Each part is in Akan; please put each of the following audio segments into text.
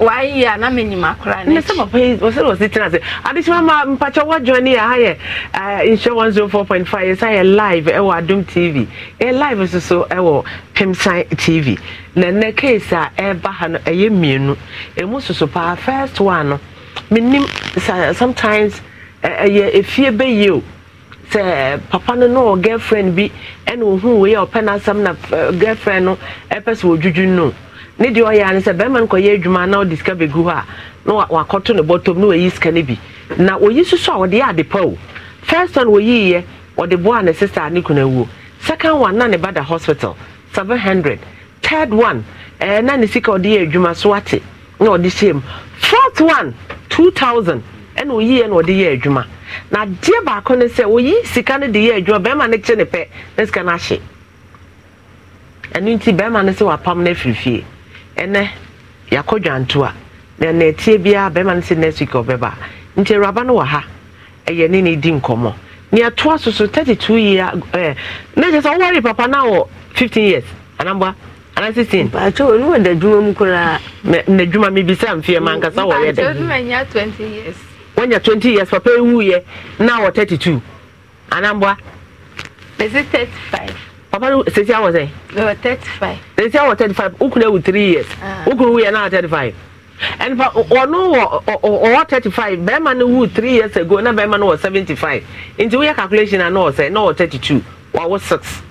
wayɛ a na menyim akora ne sɛ papa yi ɔsɛ na ɔsi tena ase adekyima ma mpakyɛ wɔdwɔ ne eh, one zero four point five. yɛsa yɛ live ɛwɔ adom tv yɛ live nso so ɛwɔ pemsan tv na nnɛ case a ɛreba ha no ɛyɛ mmienu ɛmu soso pa first one no menim sometimes ɛyɛ efie bɛyie o sɛ papa no no girlfriend bi ɛna ohun wei a ɔpɛ n'asɛm na girlfriend no ɛpɛ sɛ wɔdwudwu no ne deɛ ɔyɛ ne sɛ bɛrima no kɔyɛ adwuma na ɔde sika bɛgu hɔ a na wakɔto ne bɔtɔm na wayi sika no bi na oyi soso a wɔde yɛ ade pa o first one wɔyiiɛ wɔde boa ne sister ne kuna wuo second one na ne ba hospital seven hundred third one ɛɛ na ne sika ɔde yɛ adwuma so ate na ɔde hyɛ mu fourth one two thousand ɛna oyiiɛ na ɔde yɛ adwuma na adeɛ baako ne sɛ oyi sika no de yɛ adwuma bɛrima no kye ne pɛ ne sika no ahye ɛno nti bɛrima no sɛ wapam no afiri ɛnɛ yɛakɔ dwanto a na na ɛtie biara bɛrima no sɛ next week ɔbɛba nti awuraba no wɔ ha ɛyɛ ne ne di nkɔmmɔ nea toa so so 32 year ɛɛ na kyerɛ sɛ ɔwɔre papa na wɔ 15 years anamboa ana 16. pàtó onu wɔ n'adwuma mu koraa. na n'adwuma mi bisa nfiɛ ma nkasa wɔyɛ dɛ. pàtó onuma nya 20 years. wɔnya twenty years papa ewu yɛ na wɔ 32 anamboa. thirty five papa no sisi awɔ sɛ. ɛwɔ thirty five. sisi awɔ thirty five ukuru ewu three years. ukuru ah. wu yɛ naa thirty five. ɛnifa ɔno wɔ ɔwɔ thirty five bɛrima no wu three years ago na bɛrima no wɔ seventy five nti woyɛ calculation na n'ɔwɔ sɛ na ɔwɔ thirty two wɔawɔ six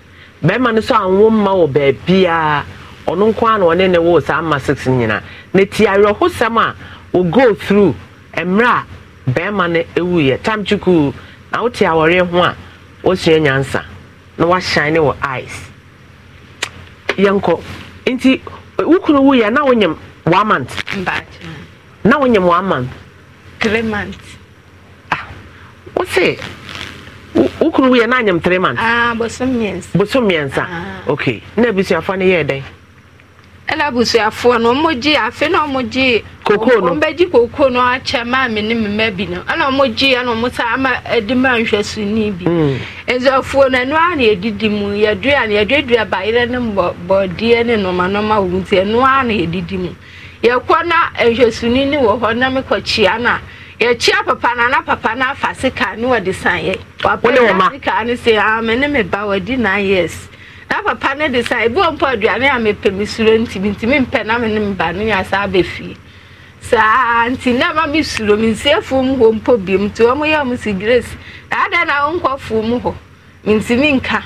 bɛrima ah. no so anwo mma wɔ beebiaa ɔno nko ara na ɔne ne wɔ saa ama six nyinaa na ti awerɛhosɛm a ah, o go through mmerɛ a bɛrima no ewu yɛ tam chukwu na wote awɔre ho a wɔsua nyansa. na wahyɛn wɔ eyes yɛnkɔ nti wo kunu wu yɛ na wonyam one month na wonyam one month three months ah wosɛ wo kunu wu yɛ na anyam three months ah bosom mmiɛnsa bosom mmiɛnsa ah. okay na abusuafoɔ no yɛɛ dɛn ɛna abusuafoɔ no ɔmo gye afe na ɔmo gye koko no ɔmo bɛgye koko no akyɛ maame ne mma bi no ɛna ɔmo gye ɛna ɔmo sa ama ɛde ma nhwɛsoni bi nzɔfoɔ no ɛnua na yɛdidi mu yɛdua na yɛduadua bayerɛ ne mbɔ bɔdeɛ ne nɔmanɔma wɔ mu ti ɛnua na yɛdidi mu yɛkɔ na nhwɛsoni ne wɔ hɔ na mekɔkyia na yɛkyia papa na na papa na afa sika ne wɔde san yɛ wapɛ sika ne sɛ ah mɛ ne me ba wɔdi nine years na papa ne de sa ebi wɔ mpɔ aduane a mepɛ me suro nti ntumi mpɛ na me ne mba no yɛ asa abɛfie saa nti na ma me suro me nsie fom hɔ mpo bi mu nti wɔn yɛ wɔn si grace na ada na wɔnkɔ fom hɔ me ntumi nka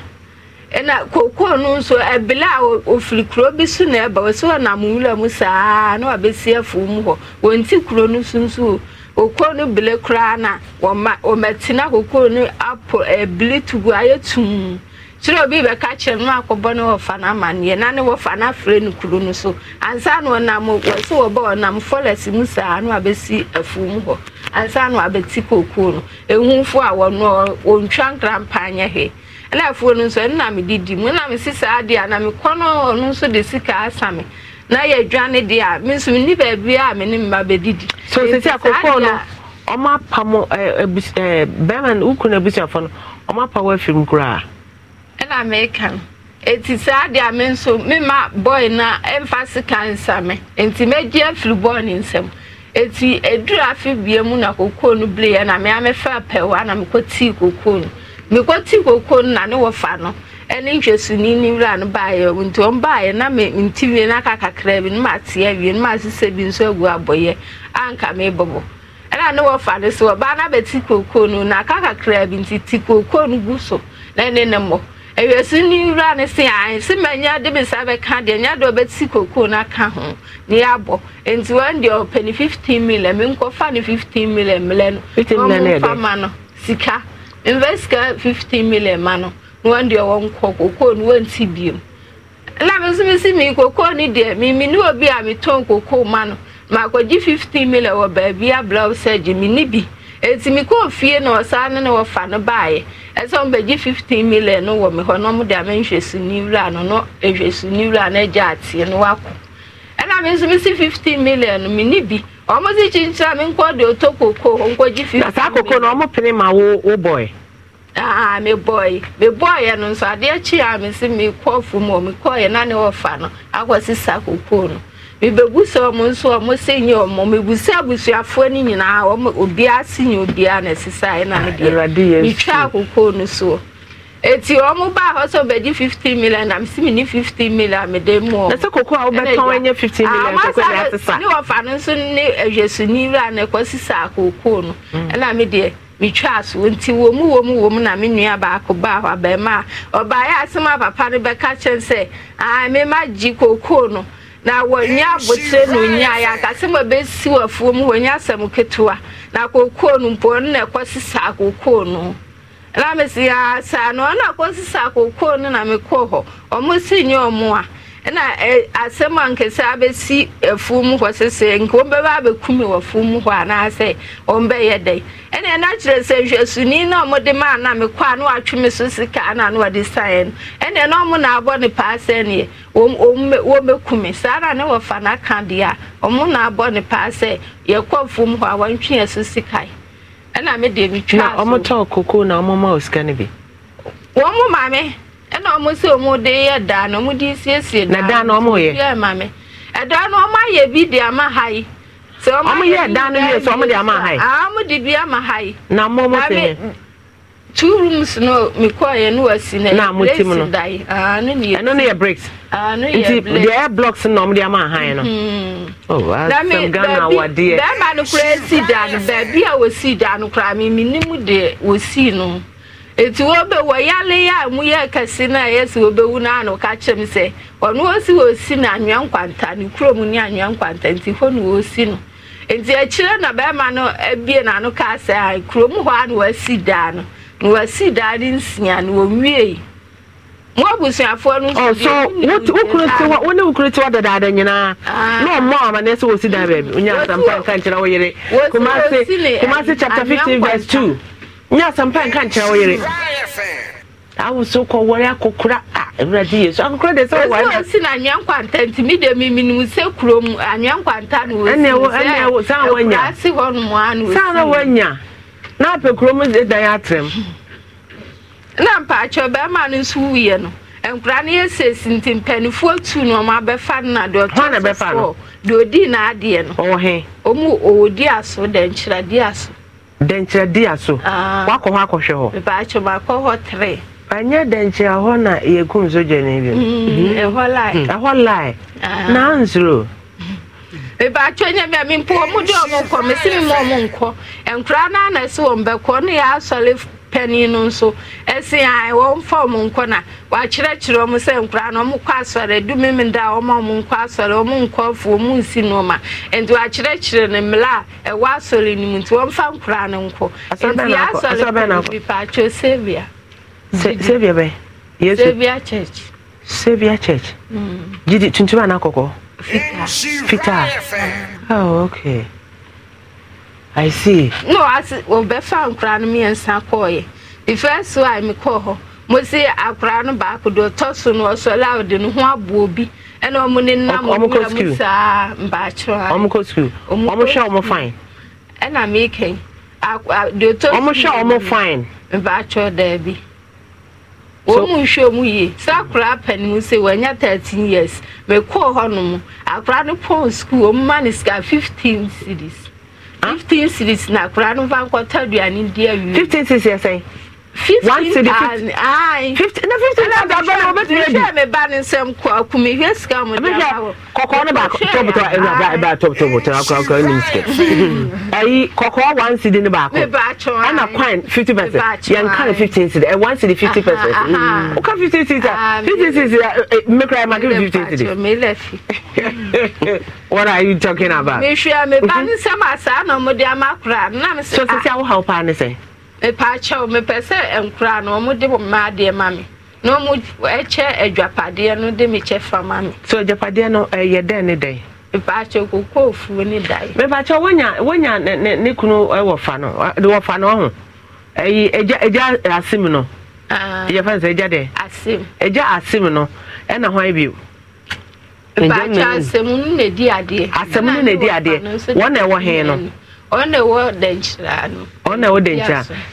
ɛna kokoo no nso ebile a ofiri kuro bi so na ɛba wɔsi wɔ nam nwura mu saa na wabɛsi fom hɔ wɔn ti kuro no so nso kokoo no bile koraa na wɔma wɔmɛtena kokoo no apɔ ebile tugu ayɛ tumu kyerɛ obi bɛka kyerɛ no akɔbɔ ne wɔfa no amanneɛ na ne wɔfa no afrɛ no kuro no so ansa na ɔnam wɔ sɛ wɔbɛ ɔnam fɔlɛs mu saa na wabɛsi afuom hɔ ansa na wabɛti kookuo no ɛhumfo a wɔno wɔntwa nkra mpa nyɛ hwee ɛna afuo no nso ɛno na mu na mesi saa deɛ a na mekɔ ɔno nso de sika asa na yɛ dwa ne deɛ a me nso menni baabi a me ne mma bɛdidi so sisi akɔkɔɔ no ɔma apam bɛrima no wokunu abusuafoɔ no ɔma apa wɔ afiri mu na meka eti saa de ame nso mema boy na ɛmfa sika nsa me nti megye afiri boy ne nsam eti eduru afe bie mu na kokoo no bile na mea mefa pɛwa na mekɔ tii kokoo no mekɔ tii kokoo no na ne wɔ no ɛne nhwɛsoni ne nwura no baayɛ nti wɔn baayɛ na me nti na aka kakra bi ne ma te awie ne ma sisa bi nso agu abɔyɛ anka mebɔbɔ ɛna ne wɔfa no so ɔbaa na bɛti kokoo no na aka kakra bi nti ti kokoo no gu so na ne ne mmɔ. ewiase ni nwura ne se a ah, se ma nya de bi sa bɛka deɛ nya de ɔbɛti koko na ka ho ne yabɔ nti wɔn deɛ ɔpɛ ne fifteen million mi nkɔfa ne fifteen million mlɛ no fifteen million ne yɛ no sika invest sika fifteen million ma no na wɔn deɛ wɔn kɔ koko no wɔn ti biem na mi nso mi si mi koko ne deɛ mi mi ne obi a mi tɔn koko ma no ma akɔgye fifteen million wɔ baabi abla ɔsɛ gye mi ne bi. eti mi kɔɔ fie na ɔsan ne na wɔfa no baeɛ ɛsɛ wɔn bɛgye fifteen million na de wura no no wura no agye ateɛ no wakɔ ɛna mi nso mi si fifteen million no mi ni bi wɔn si kyikyira mi nkɔ de oto koko na saa koko na ma wo wo aa mi bɔɛ mi bɔɛ no nso adeɛ kyi a mi si mi kɔɔ fom wɔ mi kɔɔ na koko no. mebebusa ọmụ nso ọmụ si nye ọmụ mebusa abusuafoɔ no nyinaa ọmụ obiara si nye obiara na ɛsesa ayɛ na ne deɛ metwa akoko no so eti ọmụ baa hɔ sọ bɛgye fifteen million na msi mi ni fifteen million mi de mu ɔmụ. n'asɛ koko a wobɛtɔn enye fifteen million ah, koko de asesa. ne wɔfa no nso ne ɛhwɛsoni wura na ɛkɔ sisa akoko no mm. ɛna mi deɛ metwa aso nti wɔn mu wɔn mu wɔn mu na me nua baako baa hɔ abɛɛma ɔbaa yɛ asɛm a papa no bɛka kyɛn sɛ aa mɛma koko no na wɔnyɛ abotire na onyi ayɛ akasɛm a bɛsi wɔ afuo mu wɔnyɛ asɛm ketewa na akokoo no mpo ɔno na ɛkɔ sisa akokoo no na mesi ya saa na ɔno akɔ sisa akokoo no na mekɔɔ hɔ ɔmo si nye ɔmo a. na asɛm a nkesa abɛsi mu hɔ sese nke wɔn bɛba abɛkum wɔ fuom hɔ anaasɛ wɔn bɛyɛ dɛn ɛna ɛna kyerɛ sɛ nhwɛsuni na wɔn de maa na mekɔ a na wɔatwe me so sika na na wɔde saeɛ no ɛna ɛna wɔn na abɔ ne paa neɛ wɔn me saa na ne wɔfa n'aka deɛ a wɔn na abɔ ne paa sɛ yɛkɔ fuom hɔ a wɔntwe yɛ so sika ɛna me deɛ metwa so na wɔn tɔn koko na wɔn ma osika no bi wɔn maame. ɛna ɔmo sɛ ɔmo de yɛ daa na ɔmo de siesie daa na daa na ɔmo yɛ yɛ maame ɛdaa na ɔmo ayɛ bi de ama ha yi ɔmo yɛ daa ah, ah, de ama ha yi mm-hmm. oh, ah, aa ɔmo de na mo mo se two rooms no mi kɔ yɛ no wasi na na mo ti mu no aa yɛ ɛno yɛ aa yɛ nti deɛ blocks na ɔmo ama ha yi no bɛɛma no kura esi daa no a wosi daa no kura mi mi wosi no. eti wobe wɔyale yɛ a mu yɛ kɛse na ɛyɛ sɛ wobewu na ano ka kyerɛ sɛ ɔno osi osi na anwea nkwanta ne kurom ne anwea nkwanta nti hɔ na osi no nti akyire na bɛrima no abie n'ano ka sɛ a kurom hɔ a na wasi daa no na wasi daa ne nsia na wɔnwie mo abusuafoɔ no nso oh, deɛ wokuro tiwa wone wokuro tiwa dadaada nyinaa ah. na ɔmmɔ amane sɛ wɔsi daa baabi wonya asampa nka nkyerɛ wo yere chapter 15 verse two. nye asampa nka nkyerɛ wo yere awo so kɔ wɔre akokora a ah, awurade yesu akokora de sɛ wɔware ɛsɛ na anwea nkwanta nti mi de mi minim sɛ kurom anwea nkwanta na osi ɛnɛ ɛwɔ ɛnɛ ɛwɔ saa wɔnya ɛkuraase hɔ nom a na osi saa na wɔnya na apɛ kurom de atrɛm na mpakyɛ bɛrima no nso wuyɛ no nkura no yɛ sɛsi nti mpanimfoɔ tu no ɔmo abɛfa no na deɛ ɔtɔ so deɛ odi na adeɛ no ɔmo ɔwɔ di aso dɛ di aso dɛnkyerɛ dia so ah. wakɔ hɔ akɔhwɛ hɔ baakyɛ makɔ hɔ tere ɛnyɛ dɛnkyerɛ hɔ na yɛkum sogyani bi mm, mhm. ɛhɔ lae hmm. ɛhɔ lae ah. na ansuro mebaatwo nyɛ bia mempɔ ɔmo de ɔmo nkɔ mesi me ma ɔmo nkɔ nkora no ana si wɔ mbɛkɔ ne yɛasɔre panyin no nso ɛsi a wɔmfa wɔn nkɔ na wakyerɛkyerɛ wɔn sɛ nkura na wɔn kɔ asɔre dume mi da wɔn a wɔn nkɔ asɔre wɔn nkɔ afu wɔn nsi nneɛma nti wakyerɛkyerɛ ne mmela a ɛwɔ asɔre no mu nti wɔmfa nkura no nkɔ nti asɔre no bi paatwo sevia. sevia bɛ yesu sevia church. sevia church. Mm. gidi tuntum anakɔkɔ. fitaa fitaa oh okay. I see. No, I see. Well, be found crown me and Sankoye. The first one me call her. Mosi akwara no baako do ɔtɔ so no ɔsɔ laawudi no ho abu obi ɛna ɔmo ne nam ɔmura mu saa mbaakyerɛ ha. Ɔmo kɔ sukuu. Ɔmo hwɛ fine. Ɛna mi kɛn. Akwa de ɔtɔ so. Ɔmo hwɛ ɔmo fine. Mbaakyerɛ dɛɛbi. wɔn mu nhwɛ mu yie saa akwaraa panyin thirteen years mɛ kɔɔ hɔnom akwaraa no pɔn sukuu wɔn mma fifteen fifteen series na akwaraa no mfa nkɔtɔ aduane di awie. fifteen series yɛ sɛn one to the fifty. ayi na fifty na dagba na obe tumi ebi. mehwɛ mi ba ni nsɛm kɔ akumi hwɛ sika mu di awo. kɔkɔɔ ne ba tɔbu tɔ ɛna ba ɛba tɔbu tɔbu tɔ akɔ akɔ ɛna nsikɛ. ayi kɔkɔɔ one cd ne baako. mi ba atwɔn ayi ɛna coin fifty percent yɛn ka ne fifteen cd ɛ one cd fifty percent. o ka fifteen cd a fifteen cd a mi kura ma kiri fifteen cd. what are you talking about. mehwɛ mi ba ni nsɛm asa na ɔmo di ama kura. so sisi awo ha o pa ne sɛ. mepɛ akyɛw mepɛ sɛ nkura no de mmaa ma na wɔn ɛkyɛ adwapadeɛ no de mi kyɛ fa so adwapadeɛ no ɛyɛ dɛn ne dɛn. mepɛ koko ofuo ne dae. ne ne ne kunu ɛwɔ fa no fa no ɔho ɛyi ɛgya ɛgya asim no. Ah. sɛ ɛgya dɛ. asim. ɛgya asim no ɛna hɔn asɛm no na edi adeɛ. asɛm no na edi adeɛ wɔn na ɛwɔ hɛn no. ọ na-ewo dị nkyira ọ na-ewo dị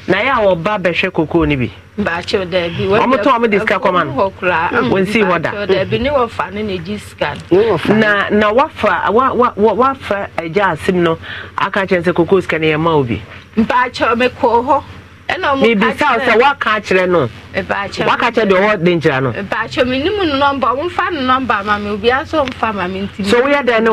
na ya ba bɛhwɛ kokoo ni bi. baakyew dɛbi wɔn tɔn wɔn de sika kɔma no wɔn si hɔ da. baakyew dɛbi ne wɔfa ne sika na na wafa wa wa wafa asị m nọ. aka kyerɛ kokoo sika ma obi. kọ waka akyerɛ no waka akyerɛ deɛ ɔwɔ no.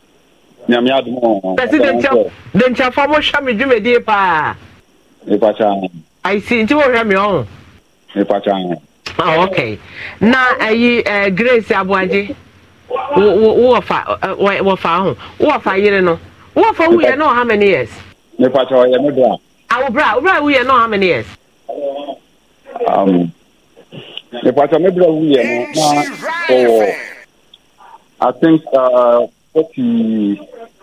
nyame adom ɛsi dɛnkyɛfa mohwɛ me dwumadie paa mepakya aisi nti wohwɛ me ɔho mepakya ah ok na ayi uh, grace aboagye wɔfa eh, ho wɔfa yere no wɔfa wuyɛ no how many years mepakya ɔyɛ me bra awobrɛ ah, a wobrɛ a wuyɛ how many years um, mepakya me bra wuyɛ no na i think uh, 40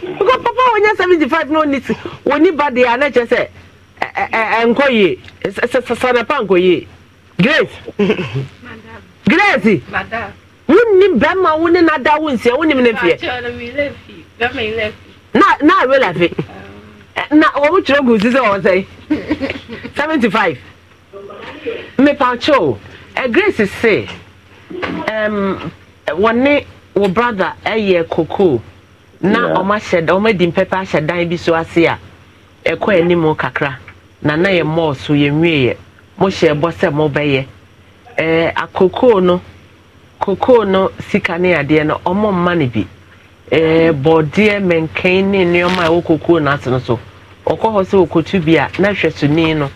because papa onye 75 no nisi woni ba de ana che se enko ye grace madam grace madam wunni bɛma wo ne nada wo nsia wonim ne na awɛ na wɔmo kyerɛ gu si sɛ Seventy five. 75 grace si, um, wɔne wo brother ɛyɛ eh, na ɔma hyɛ ɔma di mpɛpɛ ahyɛ dan bi so ase a ɛkɔ anim kakra na na yɛ mɔɔ so yɛ nwieɛ mo hyɛ bɔ sɛ mo bɛyɛ ɛɛ akokoo no kokoo no sika ne adeɛ no ɔmo mma no bi ɛɛ bɔɔdeɛ mɛnkɛn ne nneɛma a ɛwɔ kokoo no ase no so ɔkɔ hɔ sɛ ɔkɔtu bi a na hwɛ suni no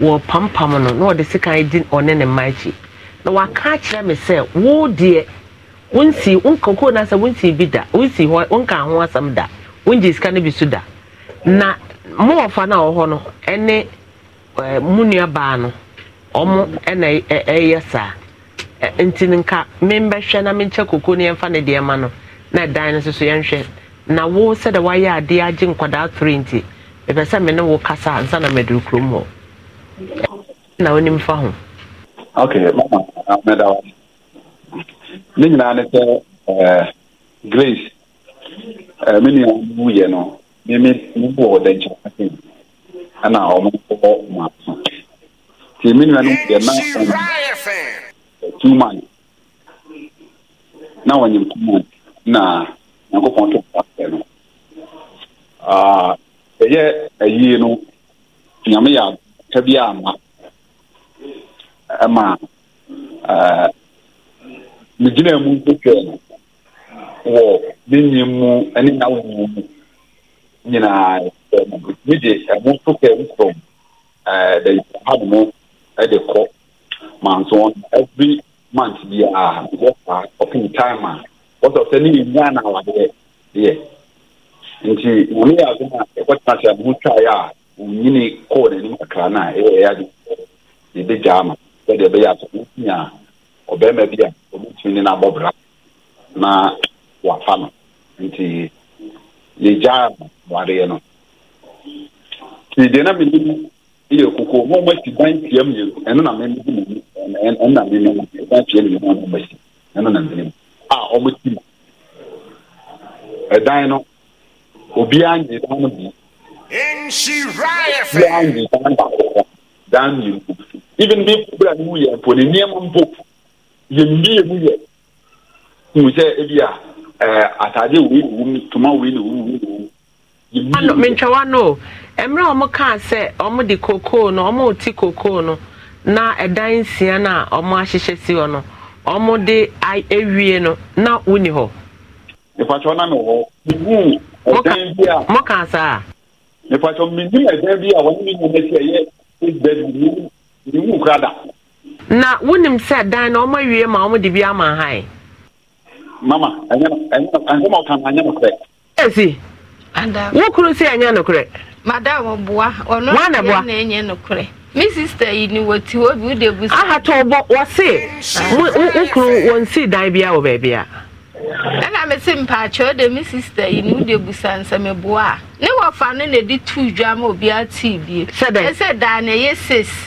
wɔ pampam no na ɔde sika di ɔne ne mma akyi na waka akyerɛ me sɛ wɔɔdeɛ. wonsi wonka koo no asɛm wonsi bi da wonsi hɔ wonka ho asam da wongye sika no bi so da na mo wɔfa no a wɔhɔ no ɛne mu nuabaa no ɔmo ɛna ɛyɛ saa nti nka membɛhwɛ na menkyɛ koko na yɛmfa no deɛ ma no na ɛdan no soso yɛnhwɛ na wo sɛdeɛ wayɛ adeɛ agye nkwadaa tore nti mepɛ sɛ me wo kasa ansa na maduru kurom hɔ na wonim fa ho Ok. mama meda ne nyinaa ne sɛ eh, grace eh, me nua wuyɛ no mebu wɔ dɛnkyɛ ase ɛna ɔmo kɔ maasa nti me nua no wuyɛ na two months na wɔnyim two months na nyankopɔn to paɛ no ah, ɛyɛ ayie no nyame yɛ ka bi ama ɛma eh, megyina mu mpotwɛ wɔ ne nyim mu ne mu nyinaa ɛmo mu de eh, kɔ manso every month biara wɔfa time a wɔsɔ sɛ ne na awadeɛ deɛ nti nyame yɛ adom a ɛkɔtena sɛ ne ho twaeɛ a onyini kɔɔ n'anim kakra no a ɛyɛ ɛyɛ ma sɛdeɛ ɛbɛyɛ a ɔbɛrima bi a ɔbɛtumi ne n'abɔ bra na wafa no nti ne gya wareɛ no nti deɛ na menim yɛ koko ma ɔma si ban tia mmienu ɛno na mene ɛno na mene ban tia mmienu ma ɔma si ɛno na mene a ɔmo ti ɛdan no obiara nye dan no bi obiara nye dan baako dan mmienu even bi kura ne mu yɛ mpo ne nneɛma mpo yɛmmie mu yɛ hu sɛ ebi a eh, atade wei na wɔm toma wei na wɔm ano mentwawa no mmerɛ a wɔn kaa sɛ wɔn de kokoo no wɔn reti kokoo no na ɛdan nsia no a wɔn ahyehyɛ si hɔ no wɔn de awie no na wuni hɔ. nipatsɔ nam wɔ mihu ɛdan bi a. mo kaa saa. nipatsɔ mihu ɛdan bi a wɔn mi nyɛ si ɛyɛ eight bed mihu da. na wonim sɛ dan na ɔma wie ma ɔmo de bi ama ha yi. mama ɛnyɛ ɛnyɛ ma ɔka ma ɛnyɛ nokorɛ. ɛsi eh, wo kuro sɛ ɛnyɛ nokorɛ. madam ɔboa ɔno na ɛnyɛ nokorɛ mi sista yi ni wɔti wɔ bi wo de bu si. ahatɔ ɔbɔ wɔsi wo wo kuro wɔn si dan bi a wɔ baabi a. ɛna mi si mpatsɛ ɔde mi sista yi ni wo de bu sa nsɛmɛboa ne wɔfa no na edi tu dwa ma obi ati bie. sɛdɛ ɛsɛ dan na ɛyɛ sesi.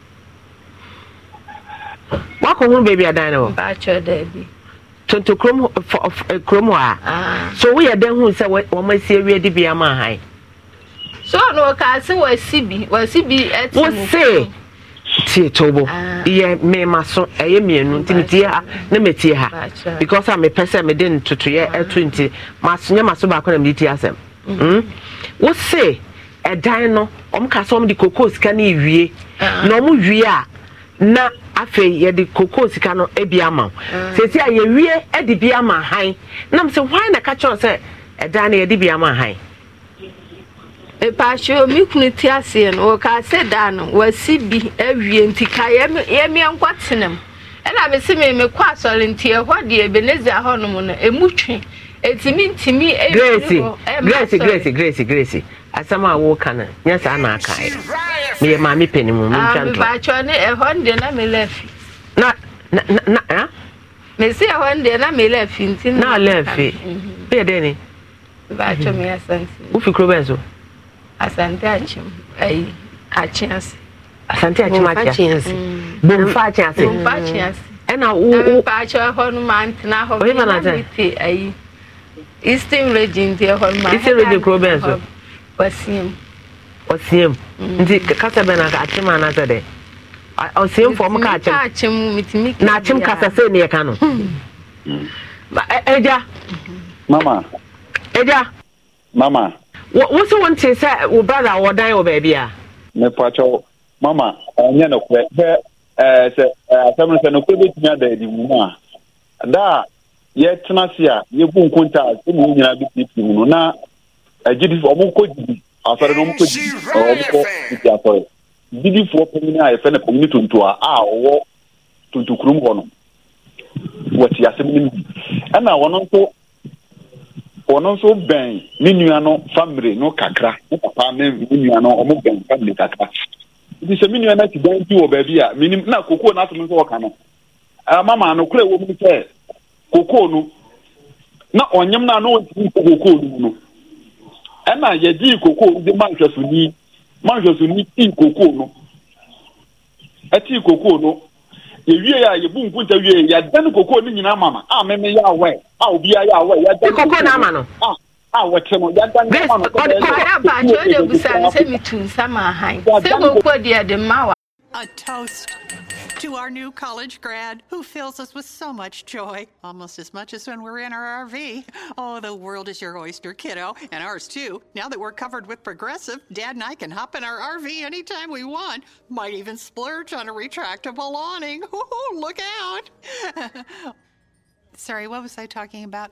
wakɔhunu baabi adan no hɔ tonto kurom eh, kurom hɔ a ah. so woyɛ dan hu sɛ wɔn asi awie de bi ama han. so ɔno ɔka ase wɔasi bi wɔasi bi ɛte mu wɔsi tie tobo ah. yɛ mmarima so ɛyɛ mmienu nti mi tie ha ne mi tie ha because a mepɛ sɛ mede ntotoyɛ ah. ɛto nti ma so nyɛ ma so baako na mi tie asɛm mm. hmm? wɔsi ɛdan no wɔn ka sɛ wɔn de koko sika ne wie na wɔn wie a na afei yɛde kokoo sika no ah. bi ama wo sɛsi a yɛwie de bi ama han nam sɛ hwan na ka kyerɛw sɛ ɛdan no yɛde bi ama han mpahyɛ omi kunu ti aseɛ no wɔka sɛ daa no wasi bi awie nti ka yɛmiɛ nkɔ tenam ɛna mesi me mekɔ asɔre nti ɛhɔ deɛ ebenezia hɔnom no emu twe etimi eh, ntimi eyi eh, grace eh, grace grace grace asam a wɔka na, nye saa na aka ya. meyɛ maame panin mu ah, mentwa ntɔ abibakyɔ ne ɛhɔ no deɛ na melɛ fi na na na na. Ah? mesi si no deɛ na melɛ fi nti na ɔlɛ fi mhm. bɛyɛ dɛ ni bibakyɔ me asante wofi kuro bɛn so asante akyem ayi akye asante akyem akye ase mm. bomfa akye ase bomfa akye ase ɛna wo wo bibakyɔ ɛhɔ no ma ntena hɔ mɛ na mi te ayi. eastern region nti ɛhɔ no ma hmm. mm. eastern region kuro bɛn so ɔsiam ɔsiam nti kasa bɛn na akyem anasa dɛ ɔsiam fɔm ka na akyem kasa sɛ ne mama Eja. mama wosi wo nti sɛ wo brada wɔ dan wɔ a mama ɛnyɛ nokorɛ sɛ sɛ asɛm no sɛ nokorɛ bɛtumi ada a da a yɛtena ase a yɛbu nkonta ɛmu wo nyinaa bɛpiepie mu no na agyidifo eh, ɔmokɔ didi asɔre no ɔmokɔ didi ɔmokɔ didi asɔre didifoɔ panyini a yɛfɛ no panyin tontoa a ɔwɔ tontokurom hɔ no wɔte asɛm no bi ɛna wɔno nso nso bɛn ne nua no no kakra ne papa ne ne nua no kakra sɛ me nua no bi wɔ baabi a na kokoo nso kokoo no na ɔnyam no a na ɔntumi kɔ kokoo no mu no ɛna yɛgyee kokoo no de ma nhwɛsoni ma tii kokoo no ɛtii kokoo no yɛwie a yɛbu wie yɛdan kokoo no nyinaa ama ma a yɛ awɛ a awɛ yɛdan kokoo no ama no a wɔte no yɛdan no ama no no kokoo to our new college grad who fills us with so much joy, almost as much as when we're in our RV. Oh, the world is your oyster, kiddo, and ours too. Now that we're covered with progressive, Dad and I can hop in our RV anytime we want. Might even splurge on a retractable awning. Ooh, look out! Sorry, what was I talking about?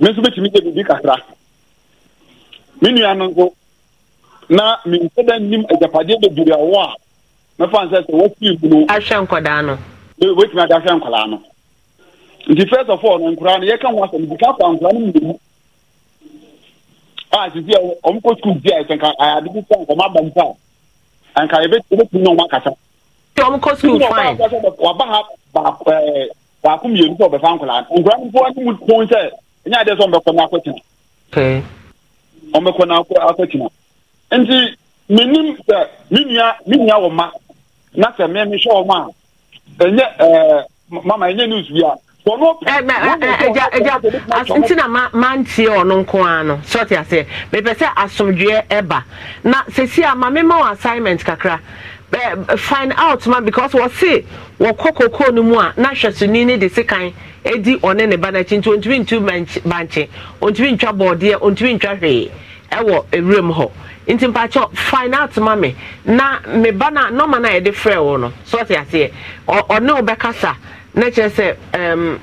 me nso bɛtumi gye biribi kakra me nua no nso na menkɛ da nnim agyapadeɛ bebree a wɔ a mɛfa nsɛ sɛ wɔfiri mu no ahwɛ nkɔdaa no wɔtumi ade ahwɛ nkɔdaa no nti first of all no nkoraa no yɛka ho asɛm bi ka fa nkoraa no mmɛmu a ah, sisi a wɔn kɔ sukuu bi a sɛ nka ayade bi sɛ nkɔmɔ aba nsa a nka yɛbɛtumi na wɔn akasa wɔn kɔ sukuu fain waba ha baako ɛɛ baako mmienu sɛ ɔbɛfa nkɔdaa no nkɔdaa no nso wɔn anim pon sɛ ɛnyɛ adeɛ sɛ ɔmbɛkɔ no akɔtena eh, ɔmbɛkɔ eh, no akɔtena eh, nti menim sɛ me nua me nua wɔ ma na sɛ me mehwɛ wɔ ma a ɛnyɛ mama ɛnyɛ news bi a nti na mantie ɔno nko ara no sɔte aseɛ mepɛ sɛ asomdwoeɛ ɛba na sɛsi a ma mema wɔ assignment kakra uh, find out ma because wɔse wɔkɔ kokoo no mu a na hwɛsoni ne de sekan edi ɔne ne ba n'akyi nti ontumi ntu bankye ontumi ntwa bɔɔdeɛ ontumi ntwa hwee ɛwɔ ewuram hɔ nti mpakyɛ find out ma me na me ba na nɔɔma na yɛde frɛ wɔ no so ɔte aseɛ ɔne ɔbɛkasa na kyerɛ sɛ ɛɛm. Um,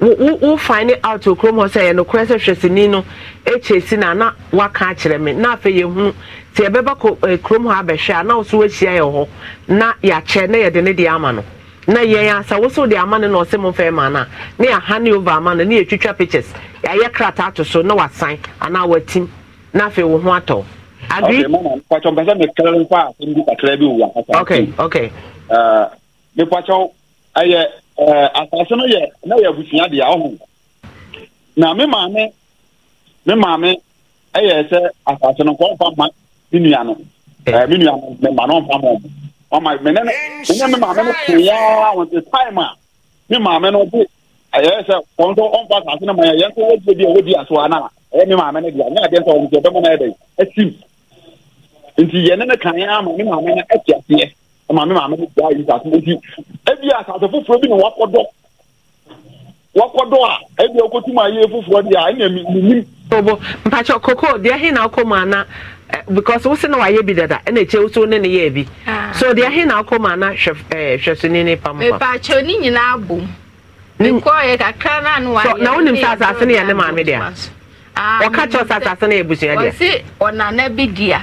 wo fine out okurom hɔ sɛ yɛ nokorɛ sɛ hwɛ sini no kyɛ si na na waka akyerɛ me na afei yɛhunu nti yɛbɛba kurom hɔ abɛhwɛ a na woso woahyia yɛ hɔ na yɛakyɛ na yɛde ne deɛ ama no na yɛn asa wo so de ama no na ɔsɛ mo fɛn ma no a ne yɛahane over ama no ne yɛtwitwa pictures yɛayɛ krataa to so na wasan anaa watim na afei wo ho atɔ agri okay okay uh, mepɔkyɛw ɛyɛ Eh, asase no yɛ na yɛ abusua deɛ ɔho na me maame me maame ɛyɛ sɛ asase no kɔ ɔmfa ma me nua no ɛɛ eh. eh, me nua no me ma no ɔmfa ma ɔmo ɔma me ne ne ne me maame no to ya wɔn te taim a me maame no de ɛyɛ sɛ wɔn nso ɔmfa asase no ma yɛ yɛn nso wɔdi ebi a wɔdi aso ana ɛyɛ me maame no di deɛ nyɛ adeɛ nso wɔn nso ɛbɛma no yɛ dɛ ɛsim nti yɛ ne ne kan yɛ ama me maame no ɛte aseɛ. maame maame no gba yi asase no nti ebi asase foforɔ bi na wakɔdɔ wakɔdɔ a ebi okotum ye foforɔ di a ɛna mi nim. ɔbɔ mpatsɔ koko deɛ hin na ɔkɔ mu ana eh, because wosi na wayɛ bi dada ɛna ekyɛ wosi ne ne yɛ bi ah. so deɛ hin na ɔkɔ mu ana hwɛ eh, ɛɛ hwɛsoni ne pam pam. mpatsɔ ne nyinaa bom. nkɔ yɛ kakra na no wayɛ. na wonim sɛ asase no yɛ ne maame deɛ ɔka kyɛw sɛ asase no yɛ busua deɛ. ɔsi bi di a.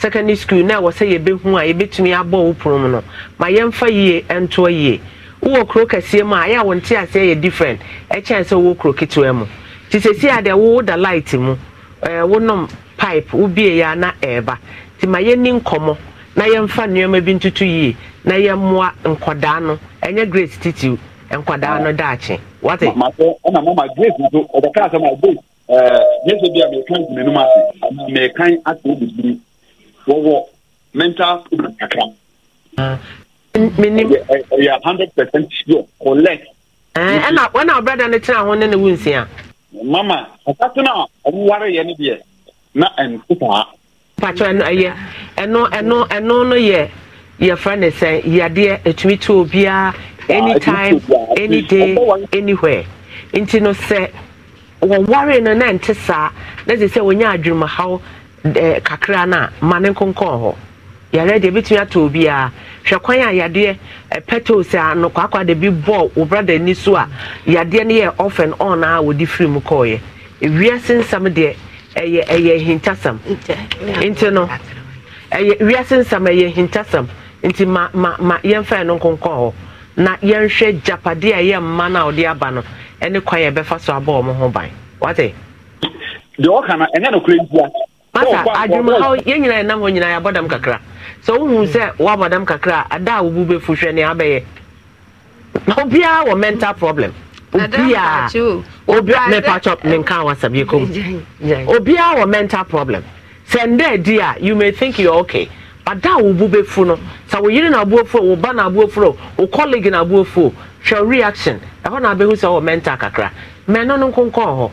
secondary school na ɛwɔ sɛ yɛbɛhu a yɛbɛtumi abɔ wo prom no ma yɛmfa yie ɛntoa yie wowɔ kuro kɛseɛ mu a ɛyɛ a wo nte aseɛ yɛ different ɛkyɛn sɛ wowɔ kuro ketewa mu nti sɛsi a deɛ wowo da light mu ɛɛ wonom pipe wobie ya na ɛɛba nti ma yɛni nkɔmmɔ na yɛmfa nneɛma bi ntutu yie na yɛmmoa nkɔdaa no ɛnyɛ grace titiw nkɔdaa no daakye wate. ɛna mama grace nso ɔbɛka asɛm a grace ɛɛ nyɛ sɛ bi a mɛkan gu n'anim ase mɛkan asɛ obibiri wɔwɔ mental kakra mm, ɛyɛ hundred percent sure correct. ɛna wɔn a ɔbɛda ne tena ho ne ne wunsi a. mama ɔkasa na ɔmo ware yɛ ne deɛ na ɛnso saa. patro ɛno ɛyɛ eh, ɛno ɛno ɛno no yɛ yɛfrɛ ne sɛ yadeɛ etumi to obiara ah, anytime any day anywhere nti no sɛ wɔware no na nte saa na te sɛ wɔnyɛ adwuma haw. Eh, kakra no a ma ne nkonkɔn hɔ yɛrɛ deɛ ɛbɛtumi atɔ obiara hwɛ kwan a yadeɛ eh, petals a no kwakwa de bi bɔɔ wo brada ani so a yadeɛ no yɛ off and on a wɔde firi mu kɔɔyɛ ewiase nsɛm deɛ ɛyɛ ɛyɛ hintasɛm nti no ɛyɛ wiase nsɛm ɛyɛ hintasɛm nti ma ma ma yɛmfa yɛn no nkonkɔn hɔ na yɛnhwɛ japadeɛ a ɛyɛ mma no a ɔde aba no ɛne kwan yɛbɛfa so abọ wɔn ho ban wate. deɛ ɔka no ɛnyɛ no kura ya adwuma ya yɛn nyinaa yɛnam hɔ nyinaa yɛabɔ dam kakra sɛ wohu hmm. sɛ woabɔ dam kakra a ada a wobu bɛfu hwɛ ne abɛyɛ obiara wɔ mental problem obiara eh, menka wasabie kɔm obiara wɔ mental problem sɛ ndɛ adi a you may think are okay but a wobu bɛfu no sɛ wo yere wo ba wo colleague hwɛ reaction ɛhɔ na abɛhu sɛ wɔ mental kakra mɛno no nkonkɔn hɔ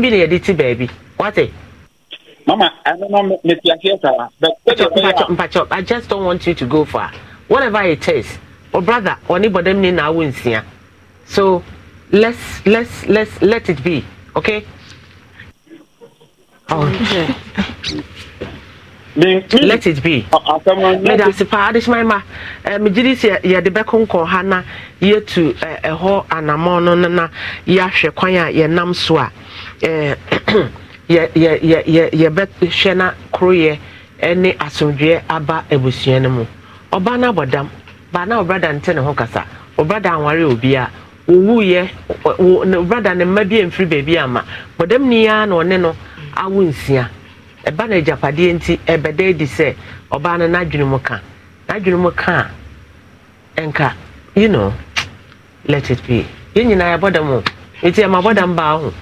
bi na yɛde ti baabi wate Mama, I don't know, but Pacho, Pacho, Pacho, I just don't want you to go far. Whatever it is, or brother, or anybody now wins here. So let's let's let's let it be, okay? Oh. let it be mede ase paa adehyeman ma eh, megye di sɛ yɛde bɛko nkɔ ha na yɛtu ɛhɔ eh, eh, anammɔn no no na yɛahwɛ kwan a yɛnam so a yɛbɛhyɛ na koroyɛ ɛne asomdwoeɛ aba abusua no mu ɔbaa no abɔdam baa na ɔbrada nte ne ho kasa ɔbrada anware obi a wɔwuiɛ ɔbrada ne mma bi amfiri baabi ama bɔdam ni ara na ɔne no awo nsia ɛba no agyapadeɛ nti ɛbɛda adi sɛ ɔbaa no n'adwene mu ka n'adwene mu ka a ɛnka you know let it be yɛn nyinaa yɛabɔdam o nti ɛma bɔdam baa ho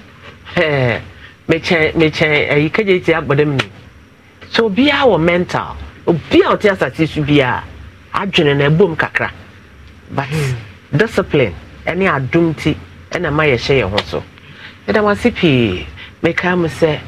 hɛɛ. mekyɛn mekyɛn ɛyi kagye eh, ti abɔ dɛm ni so obiara wɔ mental obiara ɔte asase so biara adwene na ebom kakra but mm. discipline ɛne adum ti ɛna ma yɛhyɛ yɛn ho so ɛdam ase pii mekaa mu sɛ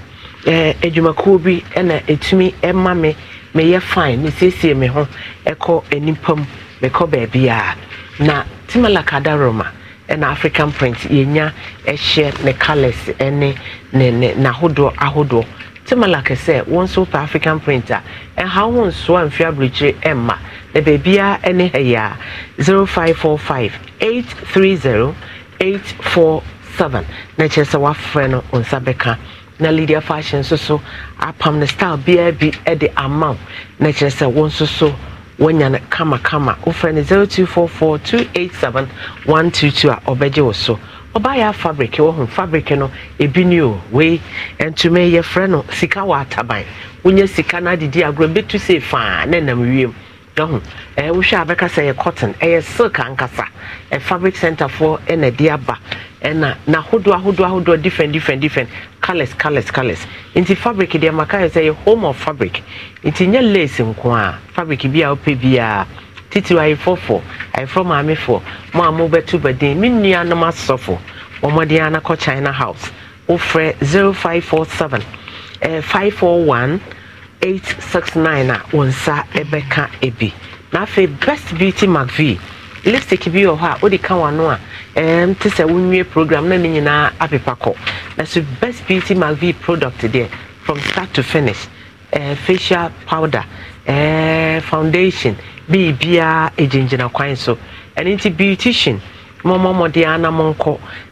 ɛɛ eh, adwumakuo bi ɛna etumi ɛma me meyɛ fine mesiesie me ho ɛkɔ enipa mu mekɔ beebiara na timalaka adaroma ɛna african print yɛnya ɛhyɛ ne colours ɛne ne ne n'ahodoɔ ahodoɔ timala kɛsɛ wɔn nso pɛ african print a ɛha wɔn nso a mfe abirikyiri ɛma na beebia ɛne ɛyɛ a zero five four five eight three zero eight four seven na kyerɛ sɛ wafrɛ no nsa bɛka na lydia fashion nso so apam ne style biara bi ɛde ama na kyerɛ sɛ wɔn nso so. so wanya no kamakama wofrɛ no 0244287122 a ɔbɛgye wo so ɔbaayɛ fabric wɔho fabric no ebi ni o wei ntoma yɛfrɛ no sika wɔ ataban wonya sika no adidi agorɔ bɛtu se faa ne nam wiem ɛho ɛɛ eh, wohwɛ abɛka sɛ ɛyɛ cotton ɛyɛ silk ankasa ɛ fabric centerfoɔ ɛna ɛde aba ɛna n'ahodoɔ ahodoɔ ahodoɔ different different different colours colours colours nti fabric deɛ maka yɛ sɛ yɛ home of fabric nti nyɛ lace nko a fabric bi a wopɛ bi a titi ayefɔfo ayefɔ maamefoɔ mo a mobɛtu bɛden me nuanom asɔfo wɔmɔde ana kɔ china house wofrɛ 0547 eh, 541 869 a wo nsa ɛbɛka ebi na afei best beauty mcvie lipstick bi wɔ hɔ a wode ka w'ano a ɛm te sɛ wonwie program na ne nyinaa apepa kɔ nanso best beauty malv product deɛ from start to finish ɛɛ facial powder ɛɛ uh, foundation biribiara egyinagyina kwan so ɛne nti beautician mo mo mo de ana mo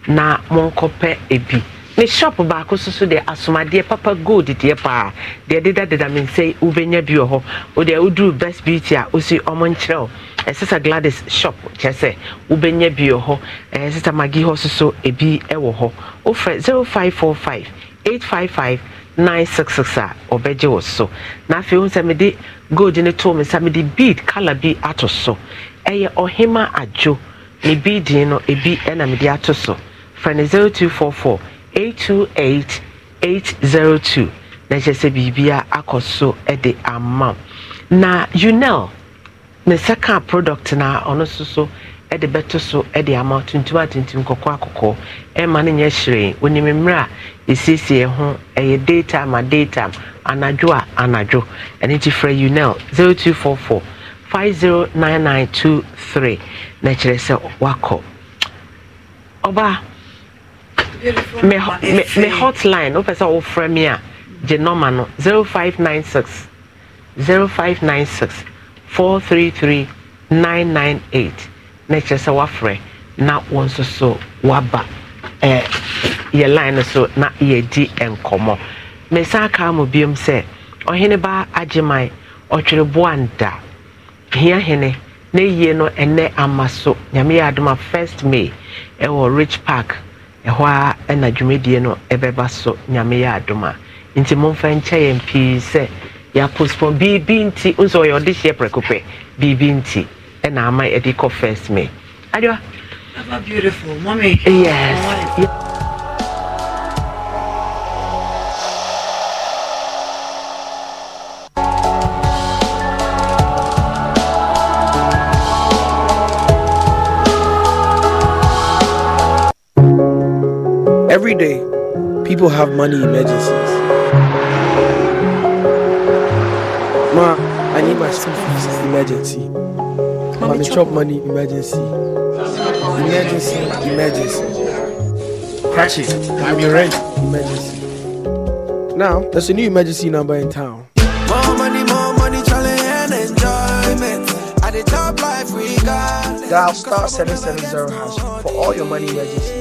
na mo nkɔ pɛ ebi ne shop baako soso deɛ asomadeɛ papa gold deɛ paa deɛ dedadeda me nsa yi wobɛnya bi wɔ hɔ wodeɛ woduru best beauty a wosi ɔmo nkyerɛw ɛsesa gladys shop kyerɛ sɛ wobɛnya bi wɔ hɔ ɛsesa magi hɔ soso ebi ɛwɔ hɔ wofrɛ 0545 855 966 a ɔbɛgye wo so na afei hu sɛ mede gold no too me nsa mede bead colour bi ato so ɛyɛ ɔhema adwo ne beadin no ebi ɛna mede ato so frɛ no 0244 828 802 na ɛkyɛ sɛ biribia akɔ so de ama na unel ne second product na ɔno nso so de bɛto so de ama tuntum a tuntum kɔkɔɔ akɔkɔɔ ɛma no nyɛ hyerɛn onim mmerɛ a ɛsiesie ho ɛyɛ daytime a daytime anadwo a anadwo ɛno nti frɛ unel 0244 509923 na kyerɛ sɛ wakɔ ɔbaa me hotline me hotline ah, wopɛ sɛ wofrɛ me a gye nɔma no 0596 0596 433 998 na kyerɛ sɛ woafrɛ na wɔn nso so woaba eh, yɛ line no so na yɛdi nkɔmmɔ mesan kaa mu biom sɛ ɔhene baa agyeman ɔtwerɛboa nda hia hene na yie no ɛnɛ ama so nyame yɛ adoma 1st may ɛwɔ rich park ɛhɔ a ɛna dwumadie no ɛbɛba so nyame yɛ adom a nti momfa nkyɛ yɛn pii sɛ yɛapospon biribi nti nso ɔyɛ ɔde hyeɛ prɛko biribi nti ɛna ama yɛde kɔ first me adewa Beautiful, mommy. Yes. yes. people have money emergencies. Ma, I need my school fees emergency. Mommy, Mommy chop money emergency. Emergency, emergency. Catch it. I'm your rent emergency. Now, there's a new emergency number in town. More money, more money, challenge and enjoyment. At the top life we got. Dial star 770 hash for all your money emergencies.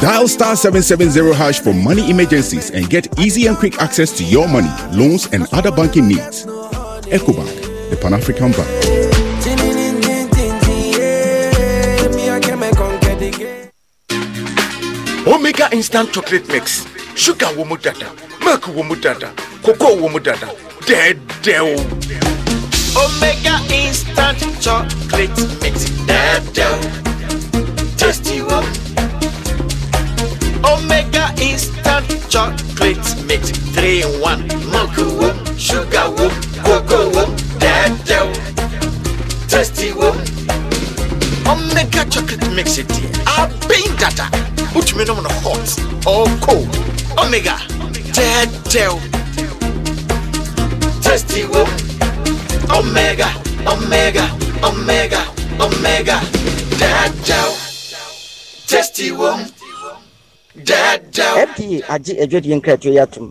Dial star 770 hash for money emergencies and get easy and quick access to your money, loans, and other banking needs. EcoBank, the Pan African Bank. Omega instant chocolate mix. Sugar wo mu dada, milk wo mu dada, cocoa wo mu dada. Dɛdɛw. Omega instant chocolate mix. Dɛdɛw. Tasty wo. Omega instant chocolate mix. Three in one. Milk whoop, sugar whoop, cocoa whoop, daddy tasty whoop. Omega chocolate mix it. I've been data. Put me on the hot or cold. Omega, dad daddy tasty whoop. Omega, omega, omega, omega, dad daddy tasty whoop. fda agye adwadeɛ nkratoɔ yi atom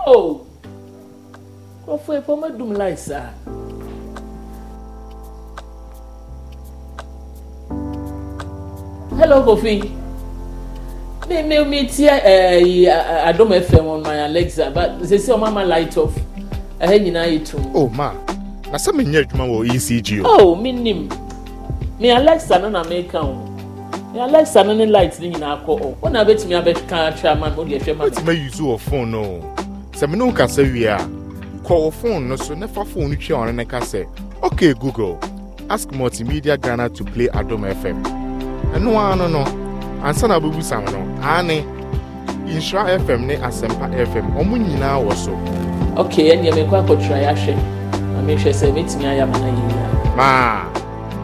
nkurɔfoɔ yi pɔmɛ dum lai saa hello kofi mi mi mi ti ɛɛ eh, eh, adom fm on my alexa but sisi ɔmo ama light off ɛhɛ nyinaa yɛ tum. o oh, ma na sɛ menyɛ adwuma wɔ ecg o oh, menim me alexa no na meka o me alexa no ne light no nyinaa kɔ o wona bɛtumi abɛka akyerɛ ama no wode ɛhwɛ ma bɛtumi ayuso wɔ phone no sɛ mene wo kasa wie a kɔ wɔ phone no so ne fa phone no twia ɔne ne ok google ask multimedia ghana to play adom fm ɛno ara no ansa na wobɛbusam no aane nhyira fm ne Asempa fm ɔmo nyinaa wɔ so ok ɛneɛ mekɔ akɔtwerɛ yɛahwɛ na mehwɛ sɛ mɛtumi ayɛ amana yɛyia maa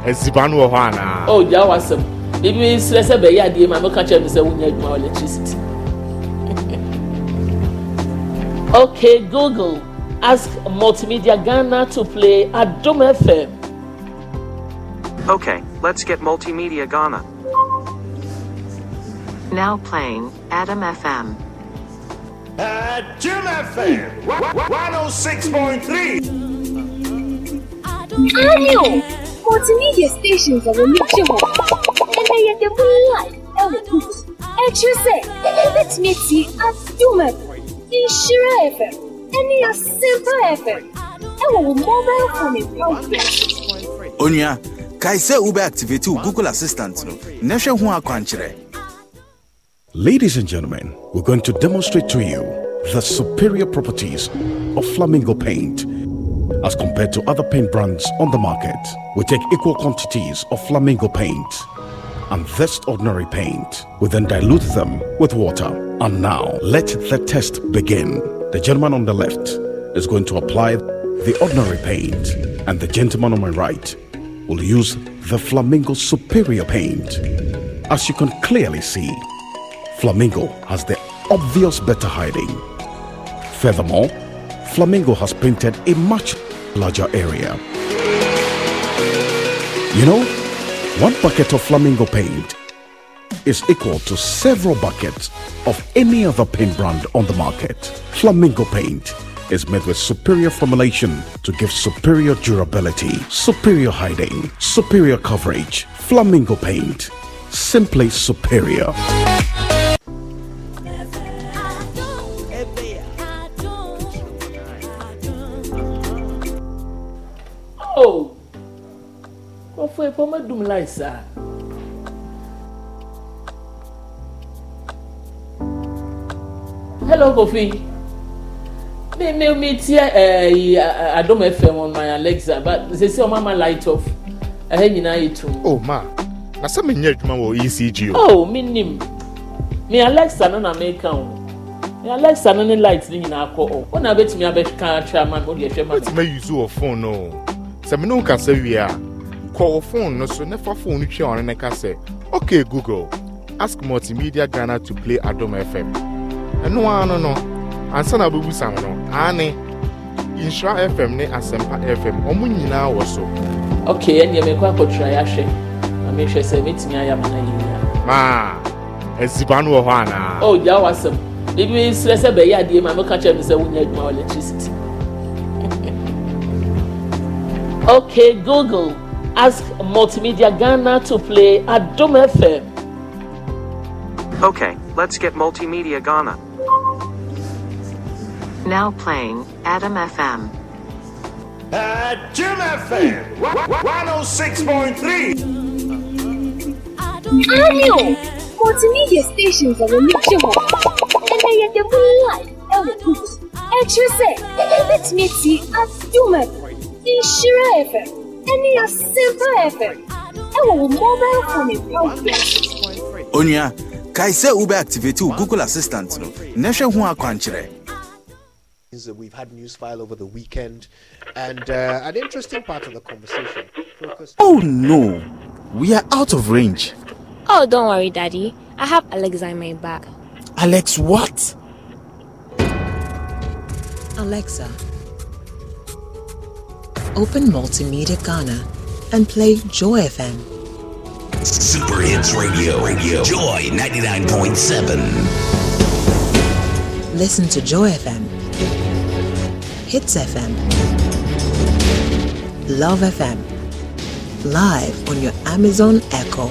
asiba wɔ hɔ anaa o oh, gyaa wasɛm biribi serɛ sɛ bɛyɛ adeɛ ma mɛka kyerɛ me sɛ wonya adwuma wɔ electricity okay google ask multimedia ghana to play adom fm okay let's get multimedia ghana now playing adam fm Jim FM 106.3. Ariel! Multimedia stations are reachable, and they are the real eloquent, exclusive, let me see a human, in Shira FM, and in a simple FM, and with mobile phone and podcast. Onya, kai sɛ wobɛ activate wo google assistant no na hwɛ ho akwankyerɛ ladies and gentlemen we're going to demonstrate to you the superior properties of flamingo paint as compared to other paint brands on the market. We take equal quantities of flamingo paint and this ordinary paint. We then dilute them with water. And now, let the test begin. The gentleman on the left is going to apply the ordinary paint, and the gentleman on my right will use the Flamingo Superior paint. As you can clearly see, Flamingo has the obvious better hiding. Furthermore, Flamingo has painted a much larger area. You know, one bucket of Flamingo paint is equal to several buckets of any other paint brand on the market. Flamingo paint is made with superior formulation to give superior durability, superior hiding, superior coverage. Flamingo paint, simply superior. Oh, kɔfo yi pɔmɛ dum lai saa. Hello Kofi, mi mi mi tiɛ ɛɛ eh, eh, Adom FM on my Alexa but sisi ɔmo ama light off ɛhɛ nyinaa yɛ tum. O oh, ma, na sɛ mi nyɛ adwuma wɔ ECG o. Oh, mi nim, mi Alexa no na mi o. ní alexa ní ní light ní nyinaa kọ ọ ọ na bẹ tìmí abẹ kan atwa ama mi ó di ẹhwẹ ma mi. bẹ tìmí ayi zu wọ fóònù náà sɛ mene wo kasa wie a kɔ wo phone no so na fa phone no twea ɔne ne ka sɛ ok google ask multimedia ghana to play adom fm ɛno ara no no ansa na wobɛbusa ho no aane nhyira fm ne asɛmpa fm ɔmo nyinaa wɔ so ok ɛneɛ mekɔ akɔtwra yɛahwɛ na mehwɛ sɛ mɛtumi ayɛ ama no yɛnyia maa aziba no wɔ hɔ anaa o oh, gyaa w'asɛm ebi srɛ sɛ bɛyɛ adeɛ ma meka kyerɛ me sɛ wonya adwuma wɔ electricity Okay, Google, ask Multimedia Ghana to play Adom FM. Okay, let's get Multimedia Ghana. Now playing Adam FM. Uh, Jim FM 106.3. Radio! Multimedia stations are a mixture of. And I am the real life, Elwood. And you say, let me see you at Doom FM. Ìṣirò ẹ̀fẹ̀ ẹni àṣẹ̀bá ẹ̀fẹ̀ mobile phone activate google assistant no na hwɛ We've had news file over the weekend, and uh, an interesting part of the conversation. Oh no, we are out of range. Oh, don't worry, Daddy. I have Alexa in my bag. Alex, what? Alexa, Open Multimedia Ghana and play Joy FM. Super Hits Radio, Radio. Joy 99.7. Listen to Joy FM, Hits FM, Love FM, live on your Amazon Echo.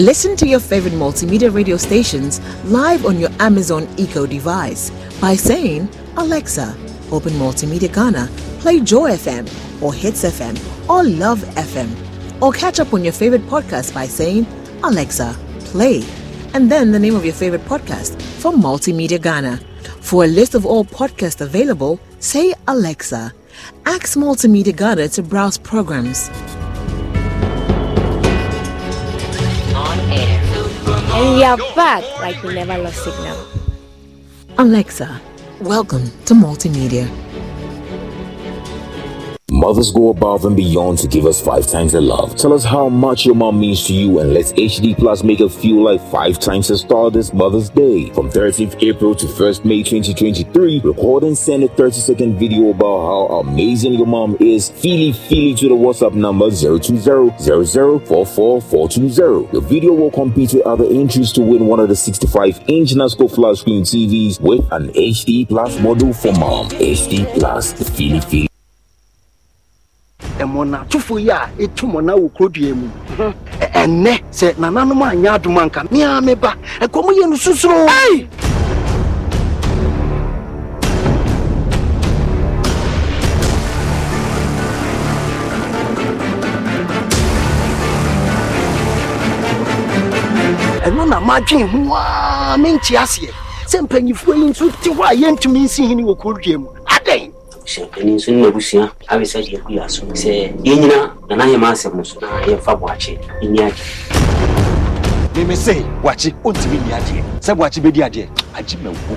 Listen to your favorite multimedia radio stations live on your Amazon Echo device by saying, Alexa, open Multimedia Ghana, play Joy FM or Hits FM or Love FM. Or catch up on your favorite podcast by saying, Alexa, play, and then the name of your favorite podcast from Multimedia Ghana. For a list of all podcasts available, say Alexa. Ask Multimedia Ghana to browse programs. And we are back like we never lost signal. Alexa, welcome to multimedia. Mothers go above and beyond to give us five times the love. Tell us how much your mom means to you and let's HD Plus make it feel like five times the star this Mother's Day. From 13th April to 1st May 2023, record and send a 30 second video about how amazing your mom is. Feely feely to the WhatsApp number 020 Your video will compete with other entries to win one of the 65 inch NASCO flat screen TVs with an HD Plus model for mom. HD Plus, the feely feely. mɔna tufo yi a etu mɔna wɔ kurodua mu ɛnɛ sɛ nananom anya adoma nka mea meba ɛkɔm yɛ no susuro ɛno na madwen ho a mente aseɛ sɛ mpanyifoɔ yi nso te hɔ a yɛntumi nsi hene wɔ kurodua mu hyɛnkani nso ne n'abusua awesa deɛ agu yɛ aso sɛ yɛnyina na na yɛma asɛm no so na yɛmfa boakye ɛni agye meme se wakye ɔntumi nni adeɛ sɛ boakye bɛdi adeɛ agye ma wo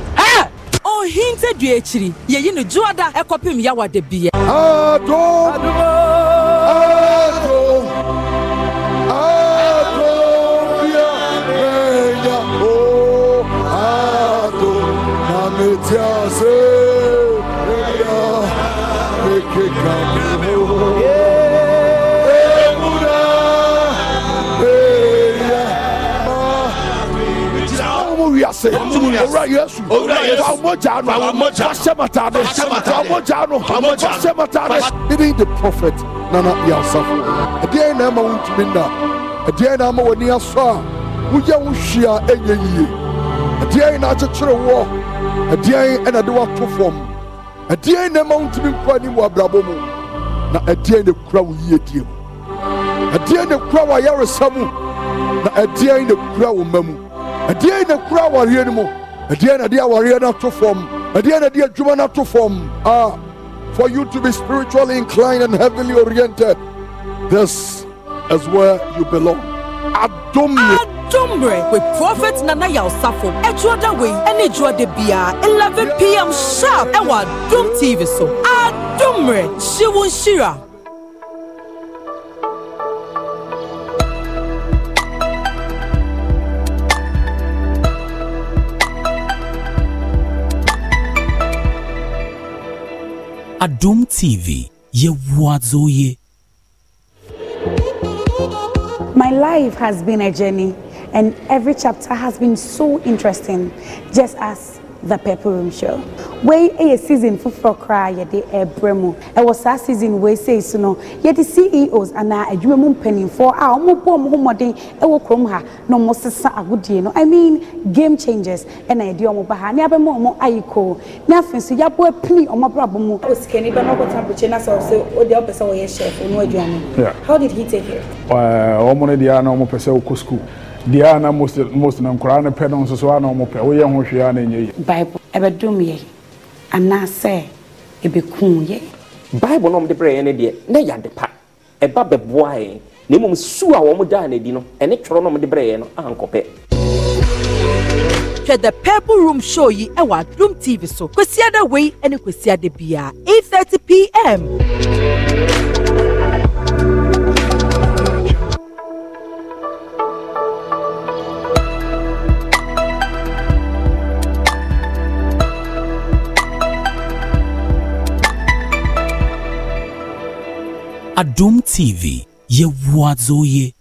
ɔhinta dua akyiri yɛyi no dwoada ɛkɔpem yɛwada biɛ adom ase the prophet nana yɛ asafo ɛdeɛn na ɛma wo ntumi nna ɛdeɛn na ama w'ani asɔ a woyɛ wo hwia ɛnyɛ yie ɛdeɛn na akyekyere woɔ ɛdeɛn ɛna de woato fam ɛdeɛn na ɛma wo ntumi nkɔ anim wɔ abrabɔ mu na ɛdeɛn na kura wo yiedie mu ɛdeɛn na kura wo ayaresa mu na ɛdeɛn na kura wo mma mu a na in a crowd mu ɛdeɛ na A awareɛ no ato fam ɛdeɛ na de adwuma no ato fam a to form. Ah, for you to be spiritually inclined and heavenly oriented this is where you belong adomne Dombre with Prophet Nana Yausafo. Echuada way any Juade Bia, 11 p.m. sharp. Ewa Dom TV so. Adomre, Shiwun Shira. Adum TV, My life has been a journey, and every chapter has been so interesting, just as the purple room show wei ɛyɛ season foforɔ koraa yɛde ɛbrɛ mu ɛwɔ saa season wei sei so no yɛde ceos anaa adwuma mu mpanimfoɔ a wɔbɔ wɔn ho mmɔden ɛwɔ kurom ha na wɔn sesa agodie no i mean game changers ɛna yɛde wɔn ba ha ne abɛma wɔn ayi koo ne afei nso yɛabɔ apini wɔn abrabɔ mu. osikani bá n'ọkọ tán abirikyiri náà sọ sẹ o de ọpẹ sẹ wọnyẹ chef onú aduane. how did he take it. ɛɛ wɔn de ya na wɔn pɛ sɛ wɔkɔ school deɛ a na most most no nkoraa no pɛ no nso so a na ɔmo pɛ woyɛ ho hwee a na ɛnyɛ yie. bible ɛbɛdom yɛ anaasɛ ɛbɛkum yɛ. bible na ɔmo brɛ yɛn deɛ na yɛ ade pa ɛba bɛboa yɛn na mmom su a wɔn daa n'adi no ɛne twerɛ na ɔmo de brɛ yɛn no ankɔpɛ. hwɛ the purple room show yi ɛwɔ adum tv so kwesiada wei ɛne kwesiada biara eight thirty pm. Adum TV, ye wazoye.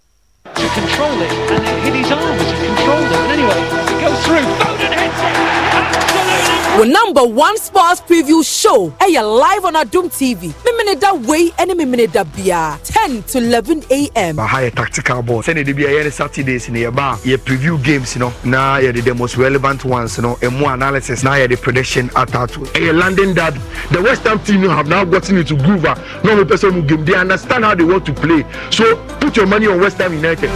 You control it, and it hit his arm as you control it. But anyway, it goes through. Foden heads it! wò number one sports preview show ɛyɛ live on Adum TV mímínida wei ɛne mímínida bia ten to eleven a.m. Baha yɛ tactical ball sɛni de bi a yɛ ne Saturdays ni yɛ ba yɛ preview games no na yɛ de the most relevant ones no emu analysis na yɛ de prediction atato ɛyɛ landing derby the West Ham team have now gotten into groove ah no mo pɛ sɛ game they understand how they want to play so put your money on West Ham United.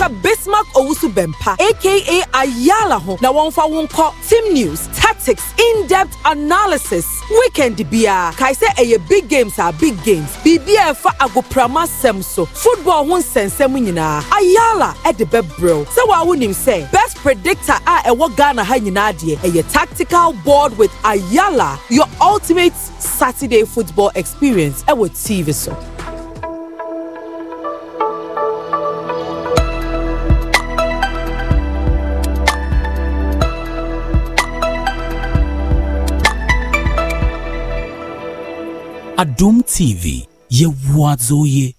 aka Bismarck Owusu Bempa aka Ayala ho na wɔmfa wo nkɔ team news tactics in-depth analysis weekend biara kae sɛ ɛyɛ big games are big games biribi a agoprama semso. football ho nsɛnsɛm nyinaa Ayala ɛde bɛbrɛw sɛ wɔa wonim sɛ best predictor a ɛwɔ Ghana ha nyinaa deɛ ɛyɛ tactical board with Ayala your ultimate Saturday football experience ɛwɔ TV so. Adum TV, Yewuazoye.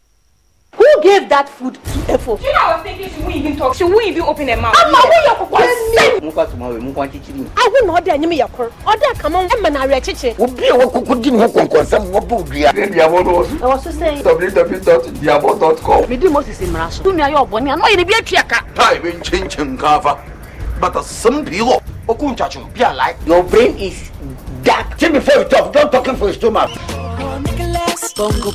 Who gave that food to Efo? You know, I was thinking she won't even talk. She won't even open her mouth. I'm not going to go. Move fast, muka Move on, chichi. I will not dare you your yakor. Order come on. I'm not ready, chichi. Obi, I will cook din ho konkon. Some wo bu dia. Then dia wo I was just saying. www.diabo.com. Me do di in Russia. Tu me your boni. Ano ye bi atwiaka. Tai bin chin changing, kafa. But a some Okun Okunchachum, be alive. Your brain is that. See before you talk, don't talking for his stomach. Bongo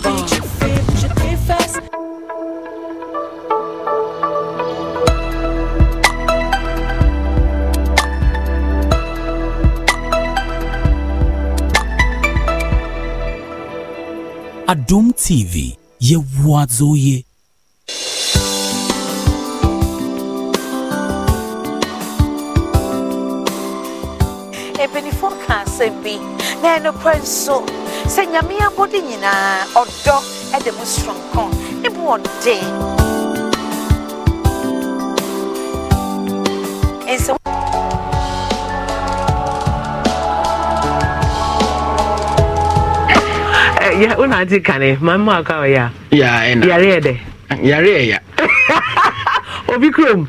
Adum TV, ye wazoye. asɛm bi na ɛno kora nso sɛ nyame abɔde nyinaa ɔdɔ ɛde mu soronko ne bo ɔden nso eh, ya una adi kane mama akawa ya ya ena yare ya obi kurom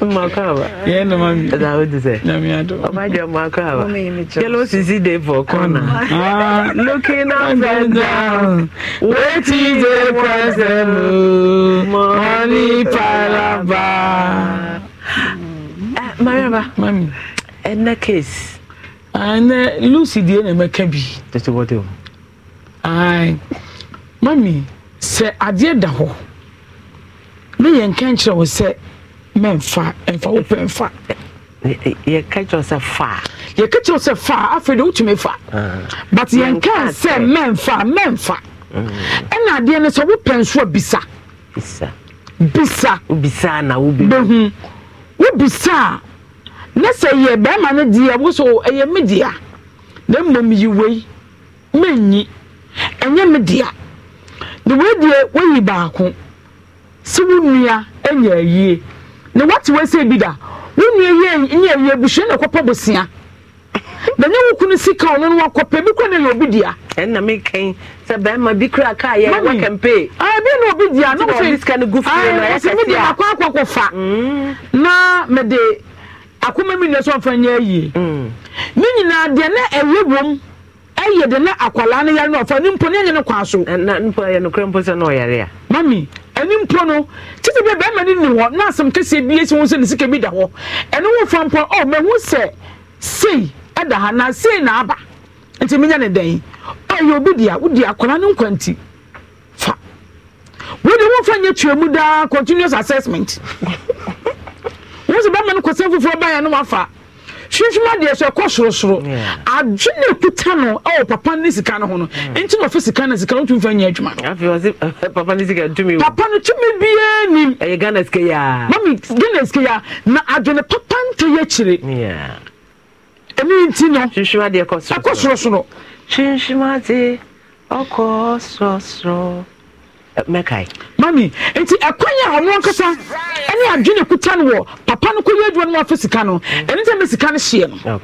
mmakaba yɛ na mami ɛdá o ti sɛ nyami ado ɔmá jɛ mmakaba yellow sisi dey for corner mm. ah, looking up and down wetin dey present o money palaba. Eh, mariaba mami ɛnna eh, case. ɛnna ah, lucy die na ɛmɛka bi. tètè wọ́n tẹ o. ayi mami sɛ adeɛ da hɔ ne yɛn nka nkyerɛ wɔ sɛ mɛmfa mfa wo pɛ mfa yɛka kyerɛ sɛ fa yɛka kyerɛ sɛ fa afei de wotumi fa ah. but yɛnka sɛ mɛmfa mɛmfa ɛna mm. adeɛ no sɛ wopɛ nso a bisa bisa bisa na wobɛhu wobisa a na sɛ yɛ bɛrima no deɛ wo so ɛyɛ me dea na mmom yiwei menyi ɛnyɛ me dea na wei deɛ woyi baako sɛ wo nua ɛnyɛ ayie Ne wɔte wɔsɛ bi da wo nua yɛ nyɛ yɛ abusua na kɔpɛ bosia na ne wo sika ɔno no wakɔpɛ bi kɔ na yɛ obi dia ɛnna mi kɛn sɛ bɛrima bi kura kaa yɛ ɛwɔ kɛmpe ɛɛ bi na obi dia na wɔsɛ sika no gu fi ɛsɛ mi de akɔ akɔ kɔ fa mm. na mɛ de akoma mi na so nfa nyɛ yie mm. ne nyinaa deɛ na ɛwɛ wɔm ɛyɛ de na akwalaa no yare na ɔfa ne mpo ne yɛ ne kwan so ɛnna mpo yɛ no kura mpo sɛ na ɔyare a mami ɛne mpo no tete bia bɛrima no ni hɔ na asɛm kɛseɛ bi esi wɔn sɛ ne sika bi da hɔ ɛno wɔn fa mpo ɔ mɛ ho sɛ sei ɛda ha na sei na aba nti menya ne dɛn ɔyɛ obi di a wodi akɔla ne nkwanti fa wodi wɔn fa nyɛ tua mu daa continuous assessment wɔn sɛ bɛrima no kɔsɛn foforɔ ban yɛn no wafa hwehwem adeɛ so ɛkɔ sorosoro adwene kuta no ɛwɔ oh, papa ne sika no ho no hmm. nti na ɔfa sika no sika no wotumi fa nyɛ adwuma no eh, eh, papa no tumi biaa nim ɛyɛ eh, ghana sika yia mami ghana sika yia na adwene papa ntɛ yɛ akyire ɛno nti no ɛkɔ sorosoro hwehwem adeɛ ɔkɔ sorosoro mɛkae mami nti ɛkwan a wɔn nkasa ɛne adwene kuta no wɔ papa no kɔyɛ adwuma no wafa sika no mm. ɛne sɛ mɛ sika no hyeɛ no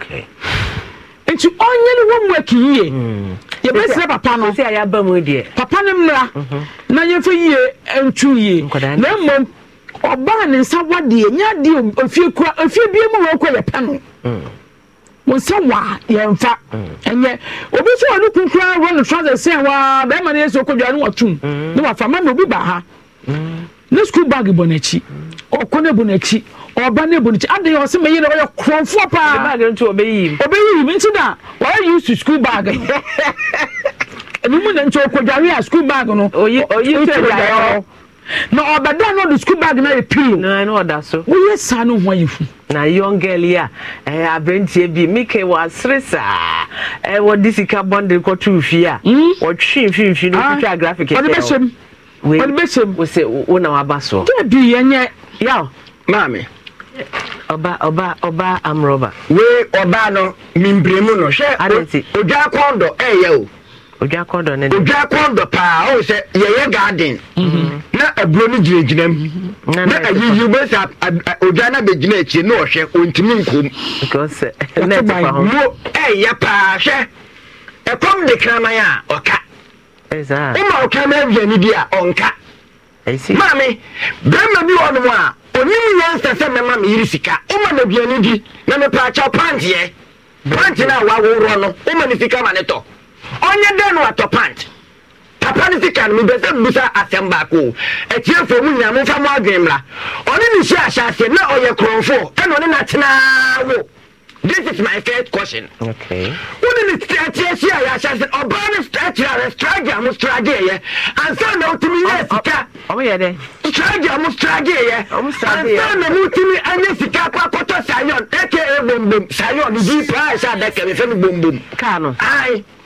nti ɔnyɛ ne wɔn mu aki yie mm. yɛbɛsrɛ papa no papa no mmra mhm. na yɛmfa yie ntu yie na mmom ɔbaa ne nsa wadeɛ nyɛ adeɛ ofie kura ofie bia mu wɔn kɔ yɛ pɛ no. Mm wọn sẹ wà yẹn fa ẹnyẹ mm. obi sọ ọdún kunkura rọ ne trọsa sẹ wa bẹẹma ne yẹ sọ kọjá ne wọ tum mm. ne wà fa mama obi ba ha mm. ne sukuu baagi bọ n'akyi ọkọ ne bọ n'akyi ọba ne bọ n'akyi adi yẹ ọsẹ mẹ na ọyẹ kurọfọ paa baagi nti ọbẹ yiyim ọbẹ yiyim nti na wàá yi su sukuu baagi ẹni na nti ọkọjá rẹ a sukuu baagi no oyi oyi fẹ wà yọ. na ɔbɛda ọnụ ɔde sukuu bag no ayɛ pilo na ɔda so onye saa no ho ayifu na young girl yi a ɛɛ aberanteɛ bi mike wɔ asịrị saa ɛɛ wɔde sika bɔnde kɔtoo fie a hmm? wɔtwe mfimfini no ah, twitwa graphic ɛtɛ ɔde bɛhyɛ mu ɔde bɛhyɛ mu wosɛ wo na waba ya nye ya. yaw maame ọba ọba ọba amụrọba. wee ọba nọ. anọ mimbremu nọ hwẹ ọdwa kọndọ ẹ yẹ o. odwa kɔndɔ ne odwa kɔndɔ paa ɔwɔ sɛ yɛyɛ garden mhm. na aburo no gyinagyina mu mhm. na ayiyi wo sɛ odwa no abɛgyina akyire na ɔhwɛ ɔntumi nkom ɔtebamuo ɛyɛ paa hwɛ ɛkɔm de kraman a ɔka woma ɔkraman aviane bi a ɔnka maame bɛrima bi wɔ nom a ɔnim yɛnsa sɛ mɛma meyere sika woma no aduane bi na mepaakyɛw panteɛ pante no a waworɔ no woma no sika ma ne tɔ ɔnyɛ dɛn no atɔ pant papa ne sika no mebɛ sɛ busa asɛm baako atiefo mu nyina momfa mo adwene mmra ɔne ne hyɛ ahyɛaseɛ na ɔyɛ korɔmfoɔ ɛna ɔne natenaa wo this is my first question wode ne ateɛ hyi a yɛahyɛse ɔbaa no akyerɛ a strage a mo strage ɛyɛ ansa na wotumi yɛ sika strage a mo strage ɛyɛ ansa na motumi anyɛ sika kɔ akɔtɔ sayɔn aka bombom sayɔn bi paa ɛhyɛ adaka mefɛ me bombom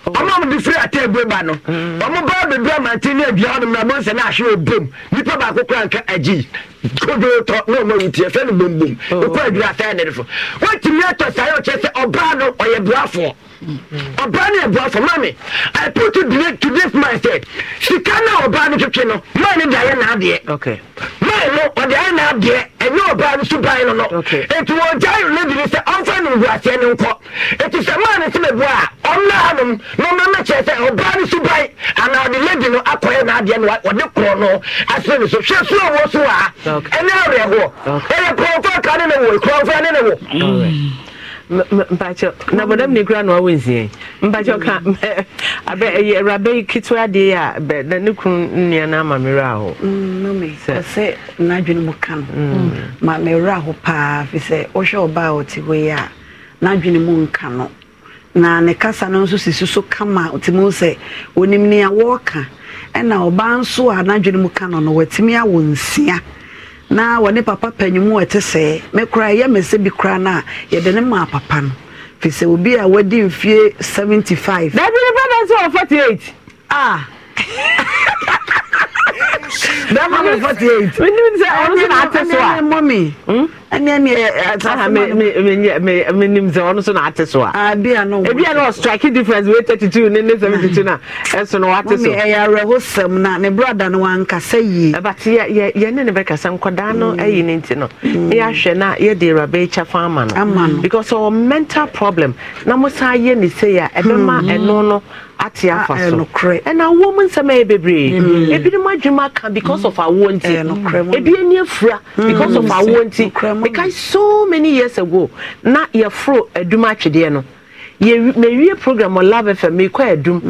ɔmo ɔmo de firi ata ebue ba no ɔmo baa bebree amantin ne adua ɔmo na ɔmo nsɛn ahwɛ ebom nipa baako kura nka agyi kodo tɔ na ɔma wuti ɛfɛ no bombom ɛkɔ adura saa ne de so watumi atɔ saa yɛ ɔkyerɛ sɛ ɔbaa no ɔyɛ boafoɔ ɔbaa no yɛ boafoɔ mami i put it today to this mindset sika na ɔbaa no twetwe no maa ne de ayɛ n'adeɛ maa no ɔde ayɛ n'adeɛ ɛnyɛ ɔbaa no so ban no no etu ɔgya ayɔ ne de sɛ ɔnfa no ngu aseɛ no nkɔ etu sɛ maa ne se bɛ bu a ɔmna hanom na ɔmna mɛ kyerɛ sɛ ɔbaa no so ban ana ɔde lady no akɔyɛ n'adeɛ no ɔde korɔ no asene no so hwɛ so a so a. Ah. ɛne awerɛhoɔ ɛyɛ prɔmfa ka ne ne wo kurɔmfa ne ne wo mpakyɛ na bɔdam ne kura na ɔwɔ mpakyɛ ka abɛ ɛyɛ awuraba yi ketewa deɛ a na ne kun nnua ama mmerɛ sɛ n'adwene mu ka mm. ma mmerɛ paa fi sɛ ɔbaa a ɔte hɔ yi a n'adwene mu nka na ne kasa nso sisi so kama ɔte mu sɛ onim nea wɔɔka ɛna e nso a n'adwene mu ka no no na wɔne papa panyimu ɛte sɛɛ me kora ɛyɛ me sɛ bi kora no a yɛde ne maa papa no firi sɛ obi a wadi mfie 75 dabi ne brada sɛ wɔ 48 ah bẹẹma mi forty eight. mi ni sẹ ọdún sọ n'ate so a. ẹni ẹni mọ mi. ẹni ẹni ẹtasa mi mi mi mi ni sẹ ọdún sọ n'ate so a. abi ano wo. ebi yẹn lọ strike difference wey thirty two ne ne seventy two na ẹsùn na wate so. mọmi ẹyà rẹwọ sẹm na ne broda ni wa nkasa yie. ẹbàtí yẹ yẹ ne ne bẹ kasa nkwadaa no ẹyi mm. ne ti no mm. yẹ ahwẹ na yẹ de raba ekya fa ama no. ama no because ọ mental problem na mo san yẹ ne se ya ẹbẹ ma ẹnu hmm. no ate ah, afa eh, so ɛna eh, awoɔ mu nsɛm ɛyɛ bebree mm-hmm. mm-hmm. ebinom adwuma ka because of awoɔ nti eh, ebi ani afura mm-hmm. because of awoɔ nti because so many years ago na yɛforo adwuma atwedeɛ no mewie program ɔlab fm mekɔ adum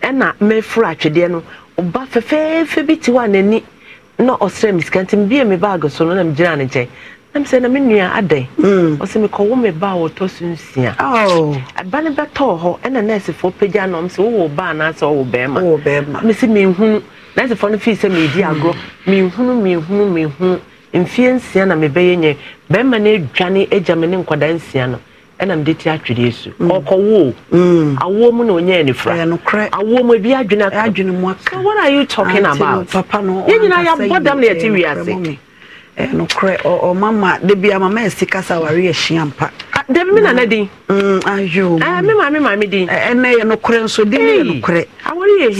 ɛna meforo atwedeɛ no ɔba fɛfɛɛfɛ bi te hɔ a n'ani na ɔsrɛ me sika nti mbie me baage so no na megyina ne nkyɛn nam na me nua adan hmm. ɔsɛ mekɔwo me ba wɔtɔ so nsia oh. ba no bɛtɔɔ hɔ ɛna nɛɛsefoɔ pagya no ɔm sɛ wowɔ ba anaasɛ wɔwɔ bɛrima me sɛ menhunu nɛɛsefoɔ no fii sɛ meedi hmm. agorɔ menhunu menhunu menhunu mfeɛ nsia na mebɛyɛ nyɛ bɛrima no adwane agya me ne nkɔda nsia no ɛna mede ti atwereɛ so hmm. ɔkɔwoo awoɔ mu na ɔnyɛɛ ne fra mu ebi adwene aka what are you talking about yɛn nyinaa yɛabɔ dam na yɛte wiase Eh, nokorɛ ɔmama da bi ama ma ɛsi kasa aware ahyia mpa ah, dabi mi na mm. ne din mm, ayo ah, me maame maame din eh, ɛnɛ yɛ nokorɛ nso din ne yɛ nokorɛ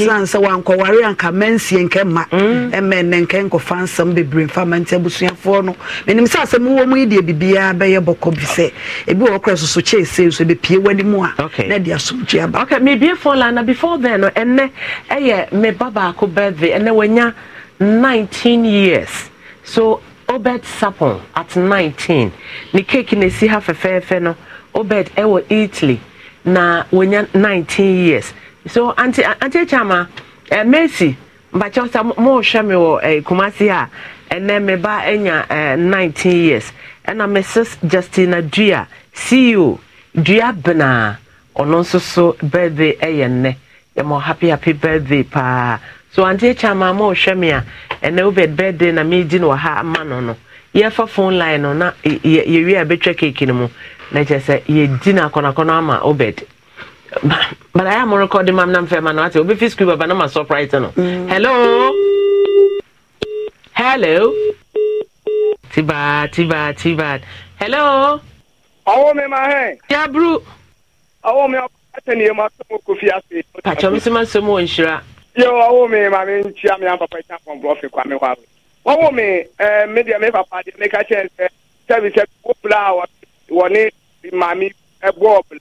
san sɛ wankɔware anka mansie nkɛ ma ɛma mm. ɛnɛ nkɛ nkɔfa nsɛm bebree mfa ma nti abusuafoɔ no menim sɛ asɛm wɔ mu yi deɛ biribiaa bɛyɛ bɔkɔ bi sɛ ebi wɔ korɛ soso kyɛ ɛsei so bɛpie w'ani mu a na de asomdwe aba mebiefoɔ la na before then no ɛnɛ ɛyɛ me ba baako birthday ɛnɛ wanya nineteen years so obed sapon at 19 ne cake na esi ha fɛfɛɛfɛ no obed ɛwɔ italy na wonya 19 years so anti anti chama eh, mercy mbakyɛ sɛ mohwɛ me wɔ eh, kumase a ɛnɛ me ba anya eh, 19 years ɛna mrs justina dua ceo dua benaa ɔno nso so birthday ɛyɛ nnɛ yɛmɔ happy happy birthday paa so ante akyi ama ama ɔhwɛ me a ɛnɛ wobɛd bɛde na meedi no wɔ ha ama no no yɛfa phone line no na yɛwie a bɛtwa cake no mu na kyerɛ sɛ yɛdi no akɔnakɔnɔ ama obed but ayɛ mo rekɔde mam na mfɛma no ate wobɛfi skul baba na ma surprise no mm. hello hello tiba tiba tiba, hello ɔwɔ me ma hɛn yabru ɔwɔ me ɔwɔ me asɛnniɛ ma sɛ mo kɔ fie ase patwam sɛ ma sɛ mo wɔ tie wa wo mi maame nkyia mi ampapa kya pɔnpɔn fi kwame hɔ awo wɔn wo mi ɛɛ mi deɛ mi papa deɛ mi ka kyɛn sɛ sɛbi sɛbi wo bla wɔ wɔ ne maame ɛbɔ ɔbla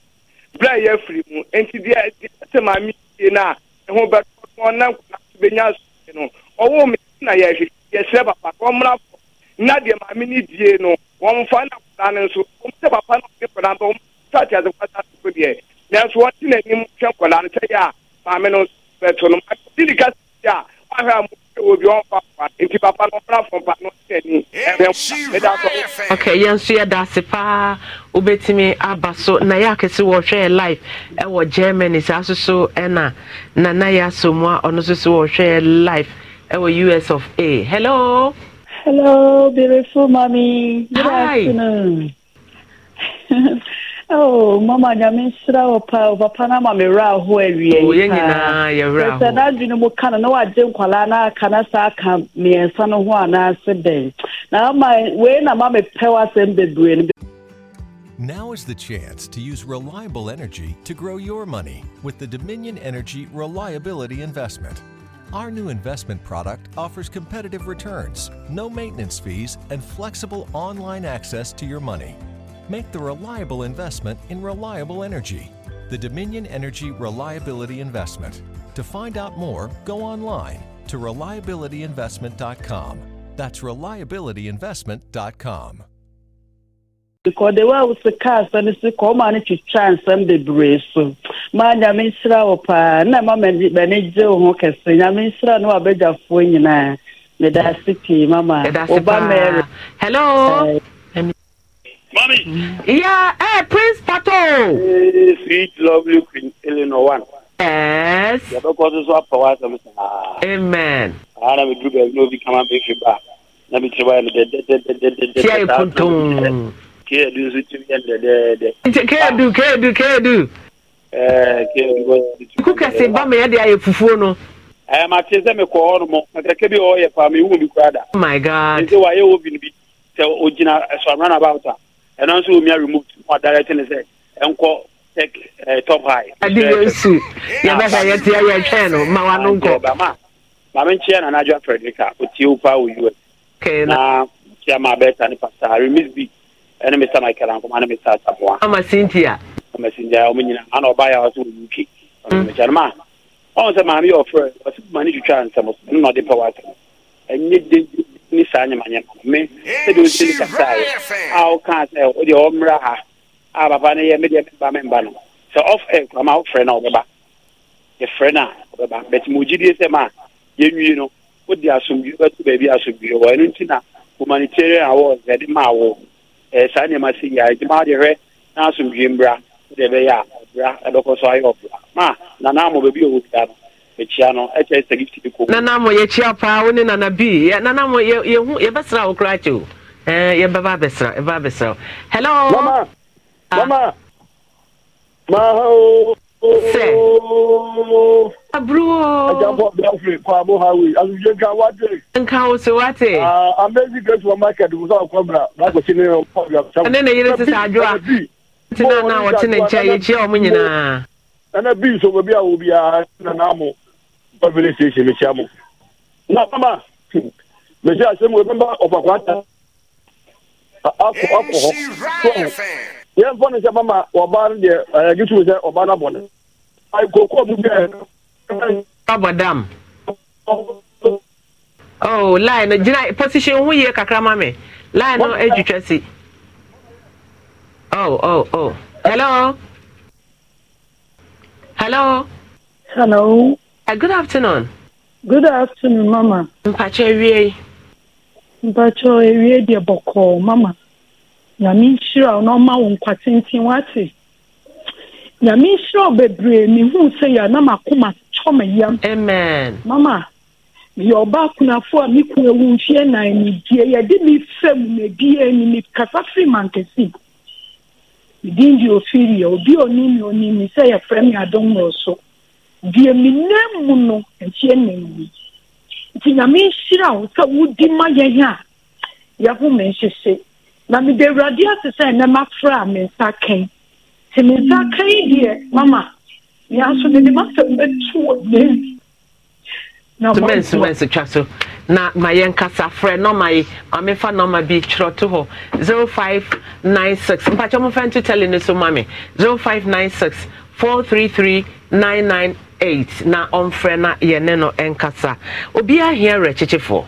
bla yɛ firi mu nti deɛ eh, deɛ sɛ maame yie na ɛho bɛ tɔn na nkɔla benya so no ɔwo mi na yɛ hwɛ yɛ sɛ papa wɔn mra fɔ na deɛ maame ni die no wɔn fa na nkɔla ne nso wɔn sɛ papa na ɔde nkɔla no wɔn sɛ ati ase kɔ ase kɔ deɛ nanso wɔn ti na anim hwɛ nkɔla no sɛ yɛ a maame no nso bẹ̀tọ̀ no adidi ka si a wahwɛ a mo fi obi wɔn fa fa nti papa no ɔbɛn afɔmpa no ɔsi ani ɛbɛn mo ɛda so. ok yɛn nso yɛ daase paa wobɛtumi aba so na yɛ akɛse wɔhwɛ yɛ live ɛwɔ germany saa so so nana yɛ asomua ɔno so so wɔhwɛ yɛ live ɛwɔ us of a hello. hello beautiful mami Hi. Oh, mama Now is the chance to use reliable energy to grow your money with the Dominion Energy Reliability Investment. Our new investment product offers competitive returns, no maintenance fees, and flexible online access to your money. Make the reliable investment in reliable energy. The Dominion Energy Reliability Investment. To find out more, go online to reliabilityinvestment.com. That's reliabilityinvestment.com. kɔdewa a wosi kaa asa no si kɔn mu a ne twitwa nsɛm bebree so maa nyame nhyira wo paa na ma m'ani gye wo ho kɛse nyame nhyira no wabɛgyafoɔ nyinaa meda ase pii mama woba mary hello uh, Mommy. Yeah, eh, Prince Pato. Eh, sweet, lovely Queen Eleanor One. Yes. Yabɛkɔ so so apɛ w'asɛm saa. Amen. Saa na meduru baabi na obi kama bɛhwɛ ba na mekyerɛ wa no dɛdɛdɛdɛdɛdɛ. Tia ekuntum. Keedu nso tiri yɛ dɛdɛɛdɛ. Keedu keedu keedu. Ɛɛ keedu bɔ. Ku kɛse ba mi yɛ de ayɛ fufuo no. Ɛɛ maa ti sɛ mi kɔ hɔ nom kɛkɛ bi ɔyɛ fa mi wu mi kura da. Oh my God. Nse wa ye wo bi ni bi sɛ o gyina ɛsɔrɔ eh, nana b'a ta ɛno nso omi aremoved mo adarɛte ne sɛ ɛnkɔ tech uh, top high. adi yoo su yabasa yɛ tia yɛ twɛn no ma wa no nkɔ. maame maame nkyɛn na n'adwa frederica otie opa wɔ us. na nkyɛn maa bɛɛ ta ne pasa remis bi ɛne mr michael ankoma ne mr samoa. ama cynthia. ama cynthia wɔn nyinaa ana ɔbaa yɛ ɔso wɔ uk. ɔmɛkyɛn maa ɔn sɛ maame yɛ ɔfrɛ ɔsi maame twitwa nsɛm ɛnna ɔde pɛ ɛnyɛ den ne saa nyamanyama me sɛdeɛ ɔgye ne kasaeɛ a wokaa sɛ wodeɛ ɔmmra ha a papa no yɛ medeɛ memba memba no sɛ ɔf eh, ama wofrɛ no a ɔbɛba yɛfrɛ no a ma a yɛnwie no o asomdwie bɛto baabi asomdwie wɔ na humanitarian ma eh, ma na a ɛbɛkɔ so ayɛ ma nana ekyia no ɛkyɛ sɛ gift bi kɔ. nana mo yɛkyia paa wo ne nana bi nana mo yɛhu yɛbɛsra wo o ɛɛ yɛbɛba abɛsra yɛbɛba hello. mama ah. mama maa o. sɛ. aa an bɛ n'a ko a ne yiri sisan adua. tina na ne nkyɛn wɔn nyinaa. ɛnɛ bi sɔgɔ bi a wo bi bavile station mehyia mo na mama mehyia asɛm wɔ bɛmba ɔfakɔ ata akɔ akɔ hɔ so yɛmfa no sɛ mama ɔbaa no deɛ ɛyɛge eh, tum sɛ ɔbaa no abɔ no kokoo mu bi abɔ dam oh line no gyina position ho yie kakra ma me line no adwitwa si oh oh oh hello hello hello Uh, good afternoon. good afternoon mama. mpacha ewie. mpacha ewie deɛ bɔkɔɔ mama nyame nhyira na ɔma wo nkwa tenten wate nyame nhyira bebree mehu sɛ yɛ na yam. amen. mama yɛ ɔba akunafo a kun ewu nan die na die ni kasa firi ofiri obi onim mi onim mi sɛ deɛ menam mu no ɛkyɛ na ɛyi nti nyame nhyira wo sɛ wodi ma yɛn a yɛhome nhyehye na mede awurade ase sɛ ɛnɛ mafrɛ a me nsa kɛn nti me nsa kɛn deɛ mama nanso mede masɛm bɛtu wɔ nem tumensumensu twa so na ma yɛn nkasa frɛ nɔma yi maame fa nɔma bi twerɛ to hɔ zero five nine six mpatsɛ mo fɛn tu tɛli ne so ma mi zero five nine six four three three nine nine eight na ɔmfrɛ na yɛne no nkasa obiara hia werɛ kyekyefoɔ